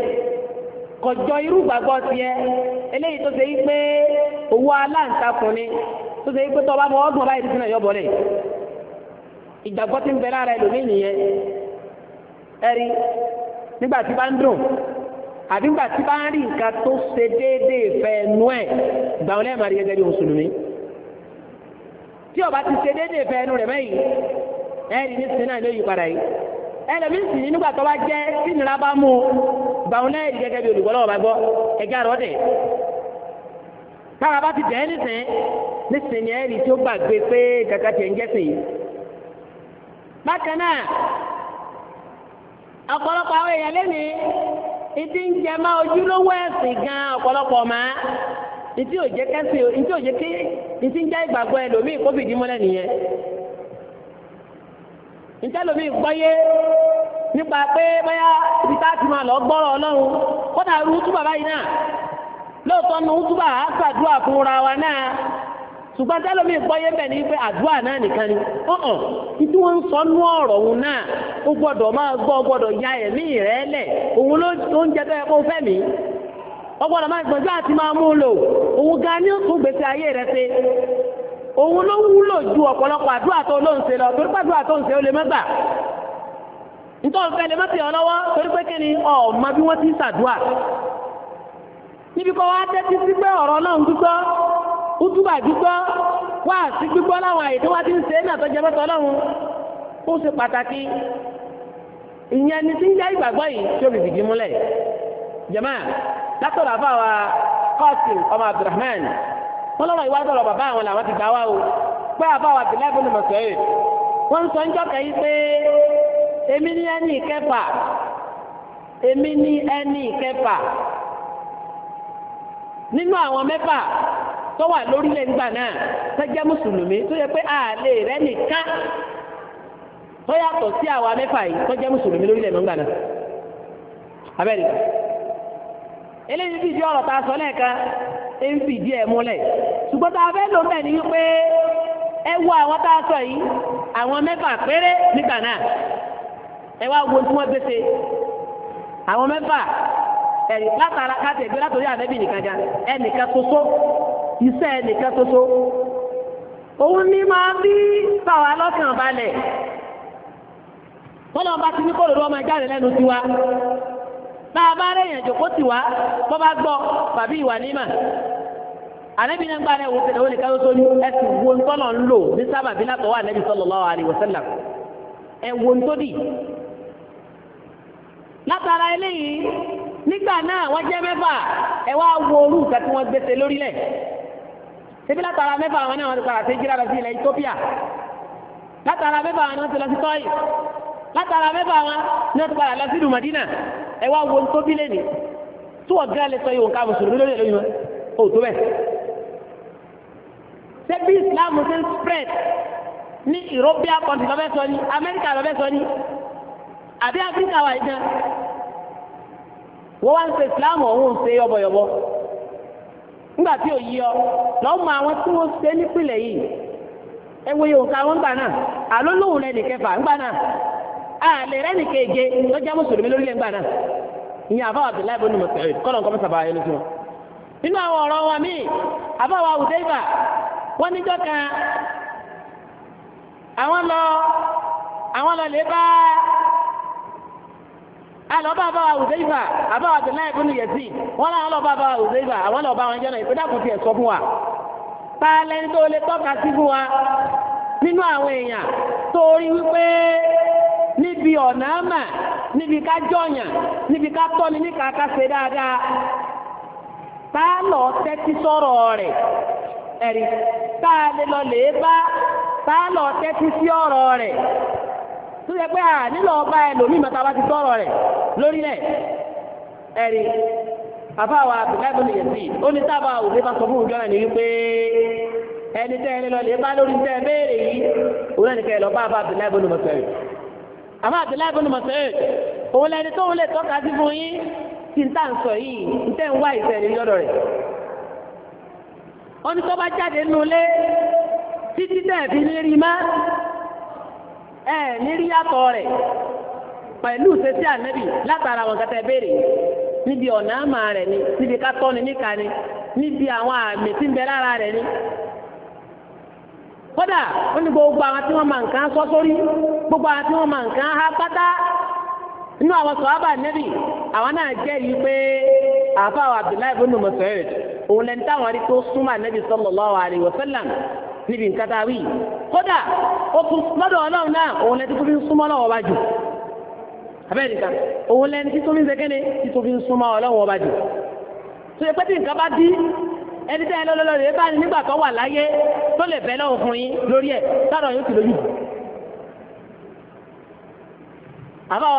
kọjọ irú gbàgbọ́ tiẹ̀ eléyìí tó ṣe yí pé owó aláǹtakùn ni tó ṣe yí pé tọ́ba mọ ọdún ọba ìdísínà yọ̀bọ̀ rẹ̀ ìgbàgbọ́ ti ń bẹ lára ẹlòmíì nìyẹn ẹ̀rí nígbà tí bá ń dùn àbí nígbà tí bá ń rí nǹkan tó ṣe déédéé fẹ́ nú ẹ̀ gbàwọn lẹ́yìn máa rí bí mùsùlùmí tí ọba ti ṣe déédéé fẹ́ nú rẹ̀ mẹ́yìn ẹ̀rí ní sinai ló yí padà yìí ẹlẹ́mìí sì nígbà tó bá jẹ́ tí nira bá mú un gbàùn lẹ́yìn gẹ́gẹ́ bí olùgbọ́ lọ́wọ́ bá gbọ́ ẹ̀jẹ̀ àrọ́ dẹ̀ táwa ti dẹ̀ nísìn nísìn ni ẹ̀rì tí ó gbàgbé pé kàkà tiẹ̀ ń jẹ́sìn yìí bákan náà ọ̀pọ̀lọpọ̀ àwọn èèyàn lẹ́nìí ìdí ń jẹ máa ojúlówó ẹ̀sìn gan ọ̀pọ̀lọpọ̀ máa ìdí òjẹ́ kẹ́sìn ìdí òjẹ́ kí ìdí ń jẹ́ ìgbàgbọ́ ẹlòmíì kó nìyẹn ntẹ́lómi gbọ́yé nípa pé báyà ibi tá a ti máa lọ gbọ́rọ̀ ọlọ́run kọ́dà irú túbà báyìí náà lóòótọ́ nu túbà á gbàdúrà fúnra wa náà ṣùgbọ́n tẹ́lómi gbọ́yé bẹ̀ ni pé àdúrà náà nìkan ni ọ̀hàn ìdí wọn ń sọ nú ọ̀rọ̀ òun náà ó gbọ́dọ̀ máa gbọ́ ó gbọ́dọ̀ ya ẹ̀mí rẹ̀ lẹ̀ òun ló ń jẹ tó yẹ kó fẹ́ mi ó gbọ́dọ̀ máa gbọ́dọ̀ àti máa mú un lò òun gan ni òun ló wúlò ju ọ̀pọ̀lọpọ̀ àdúrà tó ló ń ṣe lọ torí pé àdúrà tó ń ṣe ó lè mẹ́gbà nítorí fẹ́ lè mẹ́tì ọ lọ́wọ́ torí pé kí ni ọ̀ọ́mọ bí wọ́n ti ń ṣàdúrà níbi kọ́ wá tẹ́tí sí ọ̀rọ̀ náà ń gbígbọ́ útúbà gbígbọ́ wá sí gbígbọ́ láwọn àyè tó wá ti ń ṣe é náà tó jẹ ó ṣe pàtàkì ìyẹn ni tí ń jẹ́ ìgbàgbọ́ yìí tí ó fi fìdí múlẹ̀ jẹ̀mọ́ wọn lọ́rọ̀ ìwádìí ọ̀rọ̀ bàbá àwọn làwọn ti gbà wá o pé àbáwá ti lẹ́bùn ní mọ̀sọ̀rẹ́ wọ́n sọ ń jọ́kẹ́ yìí pé èmi ní ẹni ìkẹfà èmi ní ẹni ìkẹfà nínú àwọn mẹ́fà tó wà lórílẹ̀ nígbà náà tó jẹ́ mùsùlùmí tó yẹ pé àlè rẹ nìkan tó yàtọ̀ sí àwa mẹ́fà yìí tó jẹ́ mùsùlùmí lórílẹ̀ nígbà náà abẹ́rẹ́ eléyìí ti di ọ̀rọ̀ tá a sọ lẹ́ẹ̀kan ń fìdí ẹ̀ múlẹ̀ ṣùgbọ́n tá a fẹ́ lò mẹ́rin wípé ẹ wo àwọn tá a sọ yìí àwọn mẹ́fà péré nígbà náà ẹ wá wo tí wọ́n gbé ṣe àwọn mẹ́fà ẹ̀rí látara káti ẹ̀gbẹ́ látòrí àbẹ́bí nìkan já ẹnìkan ṣoṣo iṣẹ́ ẹnìkan ṣoṣo òun ní máa bí fàwa lọ́kàn balẹ̀ tọ́lọ́ bá ti ní kó lòdù ọmọ ìjáde lẹ́nu tiwa bá a bá rẹ̀ yàn jòkó tì wá bọ́ bá gbọ́ bàbí ìwà nímà anabi náà gba ẹwọ sẹlẹ wọn ni káyọ sọ ni ẹsì wo ntọ́nà ń lò ní sábà bí látọwọ́ anabi sallallahu alaihi wasallam ẹwọ ntọ́dì. látara eléyìí nígbà náà wọ́n jẹ́ mẹ́fà ẹ wá wo orú ìgbà tí wọ́n gbèsè lórílẹ̀. ṣébí látara mẹ́fà àwọn náà wọ́n ti padà sí jíra sí ilẹ̀ Ethiopia. látara mẹ́fà àwọn náà ti lọ sí tọ́yì. látara mẹ́fà àwọn náà ti padà lọ sí ìlú ẹ wá wo tó bí lẹ́nu tí wọ́n yìí ká mùsùlùmí lórí ẹ̀rọ yìí ó tó bẹ́ẹ̀. spread ní european country sọ ni america sọ ni àbí africa wà yìí wọ́n wá ń ṣe ọ̀hún ṣe yọ̀bọ̀yọ̀bọ̀ nígbà tí ò yí ọ mọ àwọn tí wọ́n ṣe nípìnlẹ̀ yìí ẹ wo wọn gbà náà àlọ́ lóhùn àlẹ́rẹ́ ní keje tó jẹ́ mùsùlùmí lórílẹ̀ ńgbà náà ìyẹn àbá abdullahi bó ni kọ́nà nǹkan mọ́sàbà ayé lójú wọn. nínú àwọn ọ̀rọ̀ wa míì àbá wa wọ́n níjọ́ kan àwọn lọ àwọn lọ lè bá abawa Hudayba abawa abdullahi bó ni Yazid wọn abawa Hudayba àwọn níbi ọ̀nà àmà níbi ká jọ̀yàn níbi ká tọ́ni níka ká ṣe dáadáa tá a lọ tẹ́tí sọ̀rọ̀ rẹ̀ ẹ̀rí tá a lè lọ lè bá tá a lọ tẹ́tí sí ọ̀rọ̀ rẹ̀ tó yẹ pé à nílò ọba ẹlòmíì mọ́ta bá ti sọ̀rọ̀ rẹ̀ lórílẹ̀ ẹ̀rí bàbá wa abdullahi bin yasi ó ní sábà òfin bá sọ fún ìjọba ní wípé ẹni tẹ́ ẹ lè lọ lè bá lórí tẹ́ ẹ béèrè yìí òun náà ní kẹ́ ẹ lọ bá bá abdullahi bin yasi àmọ́ Abdullahi ibn Mas'ud òun lẹni tóun lè tọ́ka sí fún yín tí n tà ń sọ yìí n tẹ́ ń wá ìfẹ́ lọ́dọ̀ rẹ̀ wọ́n tó bá jáde nínú ilé títí tẹ̀ fi lérí má ẹ̀ lérí yàtọ̀ rẹ̀ pẹ̀lú sẹ́sí ànẹ́bì látara kẹtẹ béèrè níbi ọ̀nà àmà ni níbi kátọ́ni níka ni níbi àwọn kódà wọ́n ní gbogbo àwọn tí wọ́n máa nǹkan sọ sórí gbogbo àwọn tí wọ́n máa nǹkan há pátá inú àwọn sọ̀hábà nẹ́bì àwọn náà jẹ́rìí pé àfa àwọn abdullahi bin Mas'ud òun lẹ́ni táwọn arí tó súnmọ́ nẹ́bì sallallahu alaihi wasallam níbi nǹkan tá a wí kódà ó tún lọ́dọ̀ ọlọ́run náà òun lẹ́ni tó fi ń súnmọ́ lọ́wọ́ wájú abẹ́rẹ́ nìkan òun lẹ́ni tó fi ń segẹ́ni tó fi ń ẹni tẹ́ ẹ lọ́lọ́lọ́ rẹ̀ bá nígbà tó wà láyé tó lè bẹ́ lọ́wọ́ lórí ẹ̀ sáàrọ̀ yóò ti wa,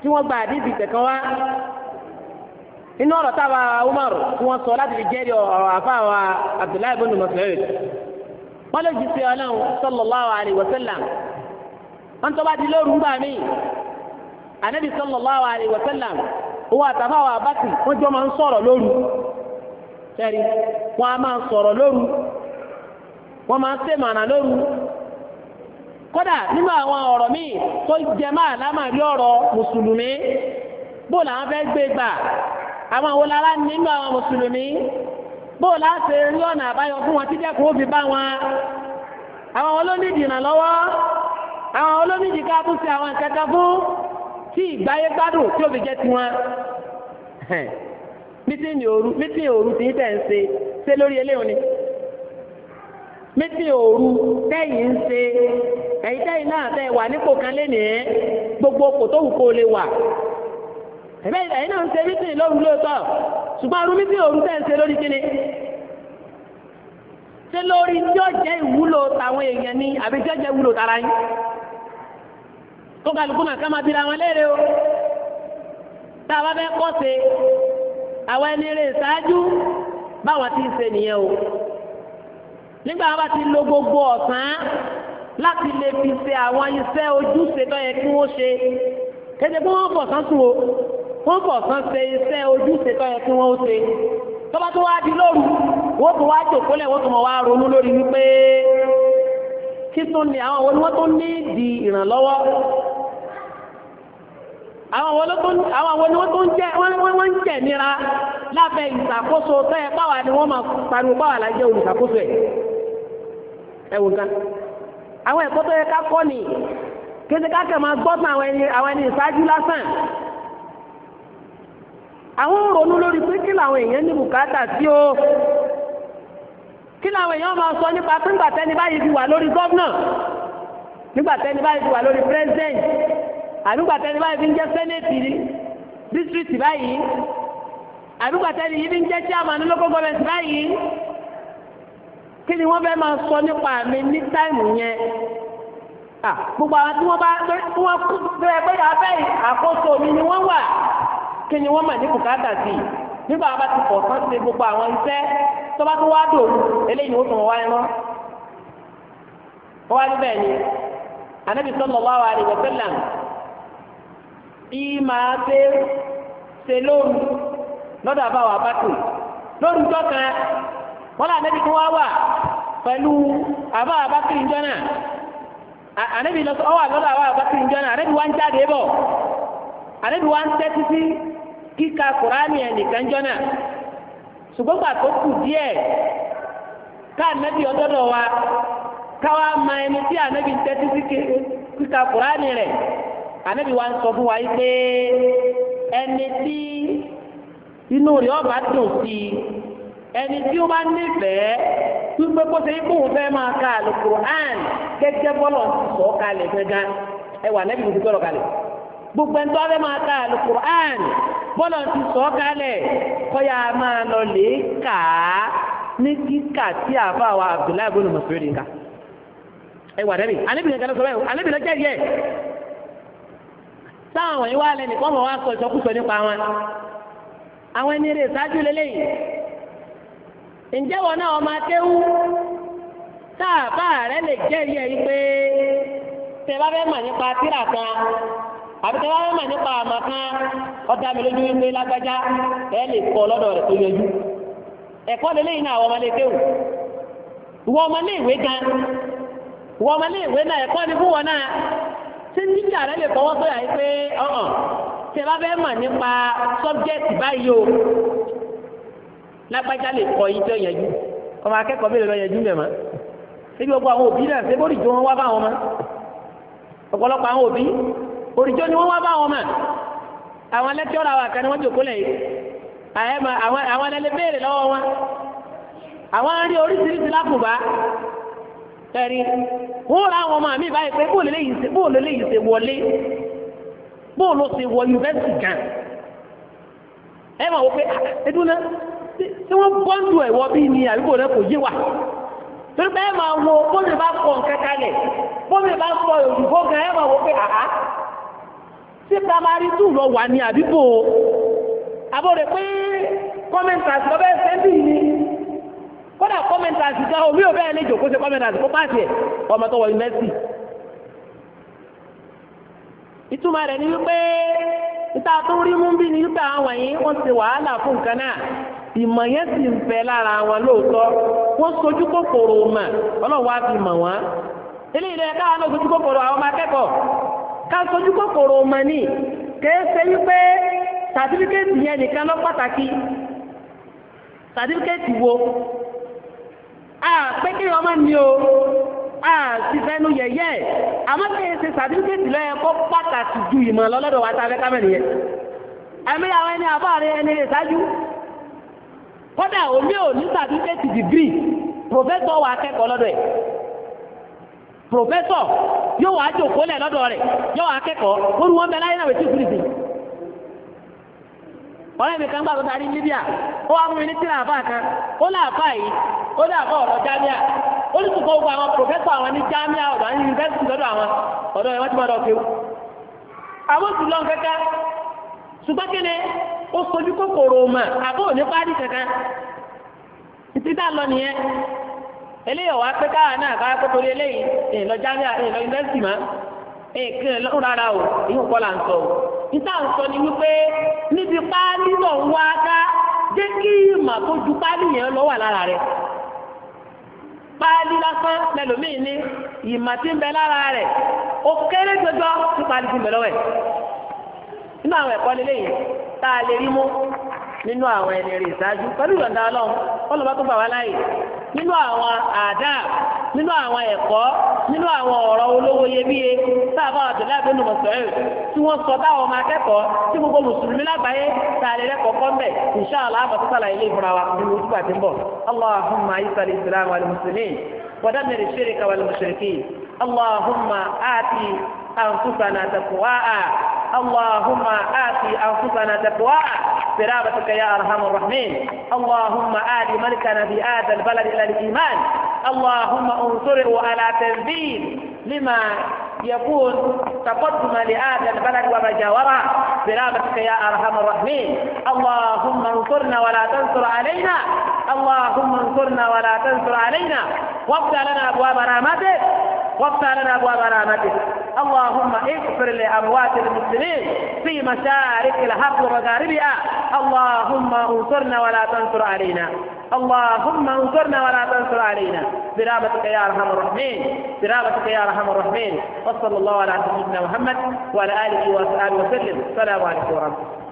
tí wọ́n gba àdìsí kẹ̀kẹ́ wá inú ọ̀rọ̀ táwa Umar tí wọ́n sọ láti fi jẹ́rìí ọ̀rọ̀ wa Abdullahi bin wọ́n lè jí sí ọlọ́run wọ́n bá di lóru ń wa wọ́n jọ máa ń sọ̀rọ̀ lóru. sẹ́rí wọ́n a máa sọ̀rọ̀ lóru wọ́n máa se lóru kódà nínú àwọn ọ̀rọ̀ míì tó jẹ máa lámàrí ọ̀rọ̀ mùsùlùmí bó làwọn fẹ́ gbé gbà àwọn àwọn lára nínú àwọn mùsùlùmí bó láti rí ọ̀nà àbáyọ fún wọn títẹ́ kó fi bá wọn àwọn olóníjìnà lọ́wọ́ àwọn olóníjìká tún ṣe àwọn nǹkan fún tí ìgbáyé gbádùn tí mítìnì òru mítìnì òru tí tẹ̀ ń ṣe ṣe lórí eléyìí ni mítìnì òru tẹ̀yìn ń ṣe ẹ̀yìn tẹ̀yìn náà tẹ̀ wà nípò kan lénìí gbogbo kò tó wù kó lè wà ẹ̀yìn náà ń ṣe mítìnì lóru lóòótọ́ ṣùgbọ́n arú mítìnì òru tẹ̀ ń ṣe lórí kíni ṣe lórí tí ó jẹ́ ìwúlò tàwọn èèyàn ní àbí tí jẹ́ ìwúlò tara yín tó kálukú náà ká máa bira wọn léèrè o tá a bá kọ́ ṣe àwọn ẹni rè ṣáájú báwọn ti ń ṣe nìyẹn o nígbà wọn bá ti lo gbogbo ọ̀sán láti lè fi ṣe àwọn iṣẹ́ ojúṣe tó yẹ kí wọ́n ṣe kéde pé wọ́n bọ̀ sán sùn o wọ́n bọ̀ sán ṣe iṣẹ́ ojúṣe tó yẹ kí wọ́n ṣe tọ́ba tó wá di lóru wọ́n tó wá jòkólẹ̀ wọ́n tó mọ̀ wá ronú lórí wípé kí tó ní àwọn olówó tó ní di ìrànlọ́wọ́ àwọn àwọn ni wọ́n tó ń jẹ́ wọ́n ń jẹ́ nira lábẹ́ ìṣàkóso tó yẹ báwa ni wọ́n máa pariwo báwa la jẹ́ olùṣàkóso ẹ̀ ẹ wò nǹkan àwọn ẹ̀kọ́ tó yẹ ká kọ́ ni kéde káàkiri máa gbọ́ tán àwọn ẹni àwọn ẹni ìṣáájú lásán àwọn ń ronú lórí pé kí làwọn èèyàn ní bùkátà sí o kí làwọn èèyàn máa sọ nípa pé ńgbà tẹ́ni báyìí ti wà lórí gọ́vnà nígbà tẹ́ni báyìí ti wà lórí pírẹ́sidẹ́ǹtì àdúgbàtẹ́ni báyìí fi ń jẹ́ sẹ́nẹ̀tì dísírìtì báyìí àdúgbàtẹ́ni yìí fi ń jẹ́ chairman local government báyìí kí ni wọ́n fẹ́ máa sọ nípa mi ní táìmù yẹn gbogbo àwọn tí wọ́n bá tí wọ́n kú bẹ́ẹ̀ pé abẹ́ àkóso mi ni wọ́n wà kí ni wọ́n mà ní bùkátà sí i nígbà wọn bá ti pọ̀ tán ṣe gbogbo àwọn iṣẹ́ tó bá tún wá dòru eléyìí ó tún wá ẹran wọ́n wá níbẹ̀ ni Ànábì sallallahu alaihi wasallam yìí máa ṣe ṣe lóru lọ́dọ̀ àbáwọ̀ àbátò lóru tọ́ka wọn là nẹ́bi tí wọ́n wà pẹ̀lú àbáwọ̀ àbátò ìjọ náà ànẹ́bi lọ́wọ́ àlọ́dọ̀ àbáwọ̀ àbátò ìjọ náà ànẹ́bi wá ń jáde bọ̀ ànẹ́bi wá ń tẹ́ títí kíka kùránì ẹ̀ nìkan jọ náà ṣùgbọ́n gbà tó kù díẹ̀ ká ànẹ́bi ọ̀dọ́dọ̀ wa káwa máa ẹni tí ànẹ́bi ń tẹ́ títí kíka kùránì rẹ̀ ànábì wa sọ fún wa yìí pé ẹni tí inú rẹ̀ ọba dùn sí i ẹni tí ó bá nífẹ̀ẹ́ tó gbé kó ṣe é kóun fẹ́ máa ka alukur'an gẹ́gẹ́ bọ́lọ̀ sọ̀ kalẹ̀ gangan ẹ wà ànábì mi ti gbọ́dọ̀ kalẹ̀ gbogbo ẹni tó wá fẹ́ máa ka alukur'an bọ́lọ̀ ti sọ̀ kalẹ̀ kọ́ya máa lọ lè kà á ní kíkà tí àfa wa Abdullahi bin Mas'ud nìkan ẹ wà ànábì ànábì nìkan lọ táwọn wọ̀nyí wà lẹ́nu kọ́ wá sọ ìsọkúsọ nípa wọn àwọn ẹni rè ṣáájú lélẹ́yìn ǹjẹ́ wọn náà ọmọ akéwú táàbà rẹ lè jẹ́rìí ẹ̀rí pé tẹ bá fẹ́ mọ̀ nípa tírà kan àbí tẹ bá fẹ́ mọ̀ nípa àmọ̀ kan ọ̀dà mi lójú wípé lágbájá ẹ lè kọ́ lọ́dọ̀ rẹ̀ tó yẹjú ẹ̀kọ́ náà ọmọ ìwọ ọmọ ṣé níjà rẹ lè fọwọ́ sọ̀yà yìí pé ọ̀hàn tí ẹ bá fẹ́ mọ̀ nípa sọ́bjẹ́tì báyìí o lágbájá lè kọ́ yìí tó yẹn jù ọmọ akẹ́kọ̀ọ́ mi lè lọ yẹn jù mẹ́mọ́ níbi gbogbo àwọn òbí náà ṣé bóríjó wọn wá bá wọn mọ́ ọ̀pọ̀lọpọ̀ àwọn òbí òrìjó ni wọ́n wá bá wọn mọ́ àwọn lẹ́tọ́rọ̀ àwọn àkànní wọ́n jòkó lẹ́yìn àwọn ẹlẹ́bẹ̀rẹ̀ lọ́wọ́ wọn àwọn rí oríṣiríṣi lápùbá ẹ̀rí wọ́n ra àwọn ọmọ mi báyìí pé bóòlù léyìí ṣe bóòlù léyìí ṣe wọlé bóòlù ṣe wọ yunifásitì gan ẹ máa ah, wọ pé ẹdúná tí wọ́n bọ́ǹdù ẹ̀wọ́ bíi ni àbí bóòlù kò yé wa torí pé ẹ máa wo bóòlù bá kọ nǹkan kalẹ̀ bóòlù bá kọ òyìnbó gan ẹ máa wọ pé àhá ah, ah. ṣé primary two lọ wà ní àbí bò ó àbọ̀ rẹ̀ pé kọ́mẹ́ntà sọ bẹ́ẹ̀ sẹ́ńdì ni. kódà kọ́mẹ́ntàsì gan omi ò bẹ́ẹ̀ ní ìjòkó ṣe kọ́mẹ́ntàsì kó pàṣẹ ọmọ tó wọ yunifásitì ìtumọ̀ rẹ̀ ni wípé níta tó rí mú bí ni wípé àwọn wọ́n ti wàhálà fún nǹkan náà ìmọ̀ yẹn sì ń fẹ́ lára wọn lóòótọ́ wọ́n sojú kòkòrò mà ọlọ́run wá fi mọ̀ wọ́n eléyìí lẹ́yìn káwọn náà sojú kòkòrò àwọn wo a kí ọmọ ni o àti fẹnu yẹyẹ àmọ́ kí ẹ ṣe sàdúkẹ́tì lọ kó pàtàkì ju ìmọ̀ lọ́lọ́dọ̀ wa tá a fẹ́ kámẹ́rin yẹn ya àwọn ẹni àbáàrẹ ẹni lè ṣáájú kódà omi ò ní sàdúkẹ́tì dìgírì pòfẹ́sọ̀ wà akẹ́kọ̀ọ́ lọ́dọ̀ ẹ̀ yóò wá yóò wá ní bẹ láyé náà tí kan Libya ó wá mi ní kan ó yìí ó ní àbọ̀ ọ̀rọ̀ jámíà ó ní tukọ̀ gbogbo àwọn pòfẹ́sọ̀ àwọn ní jámíà ọ̀dọ̀ àwọn yunifásitì lọ́dọ̀ àwọn ọ̀dọ̀ ti máa lọ kéwù. àwọn oṣù lọ ni ó sojú kòkòrò mà àbọ̀ òní pàdé kẹ́kẹ́ títà lọ nìyẹn náà torí eléyìí lọ lọ yunifásitì mọ́ lọ́rùn rárá o kọ́ là o ń sọ ni wípé níbi náà ń wá ká jẹ́ kí tó ju yẹn páálí lásán lẹ́lòmíì ní ìmọ̀ tí ń bẹ lára rẹ̀ ó kéré jọjọ tí páálí ti ń bẹ lọ́wọ́ ẹ̀ nínú àwọn ẹ̀kọ́ nílé yìí tá a lè rí mú nínú àwọn ẹni rè ṣáájú pẹ̀lú ìrọ̀dá ọlọ́run ọlọ́ba tó bà wá láàyè nínú àwọn àdáà nínú àwọn ẹ̀kọ́ nínú àwọn ọ̀rọ̀ olówó iyebíye sábà àtẹlẹ àbẹnú mọsọrẹ tí wọn sọ táwọn ọmọ akẹ́kọ̀ọ́ tí gbogbo mùsùlùmí lágbàáyé tààlẹ lẹkọọ kọmbẹ inṣàlá àbọ̀tẹ́sàlà ilé ìfúnra wa nínú ojúbà tí ń bọ̀ allahumma ayisali islam wal muslimin ودمر الشرك والمشركين اللهم آت أنفسنا تقواها اللهم آت أنفسنا تقواها برابتك يا أرحم الراحمين اللهم آت ملكنا في هذا البلد إلى الإيمان اللهم انصره على تنزيل لما يكون تقدم لهذا البلد ومجاوره برامتك يا ارحم الراحمين اللهم انصرنا ولا تنصر علينا اللهم انصرنا ولا تنصر علينا وافتح لنا ابواب رحمتك وافتح لنا ابواب رحمتك اللهم اغفر لاموات المسلمين في مشارق الحق ومغاربها اللهم انصرنا ولا تنصر علينا اللهم انصرنا ولا تنصر علينا برحمتك يا ارحم الراحمين برحمتك يا ارحم الراحمين وصلى الله على سيدنا محمد وعلى اله وصحبه وسلم السلام عليكم ورحمه الله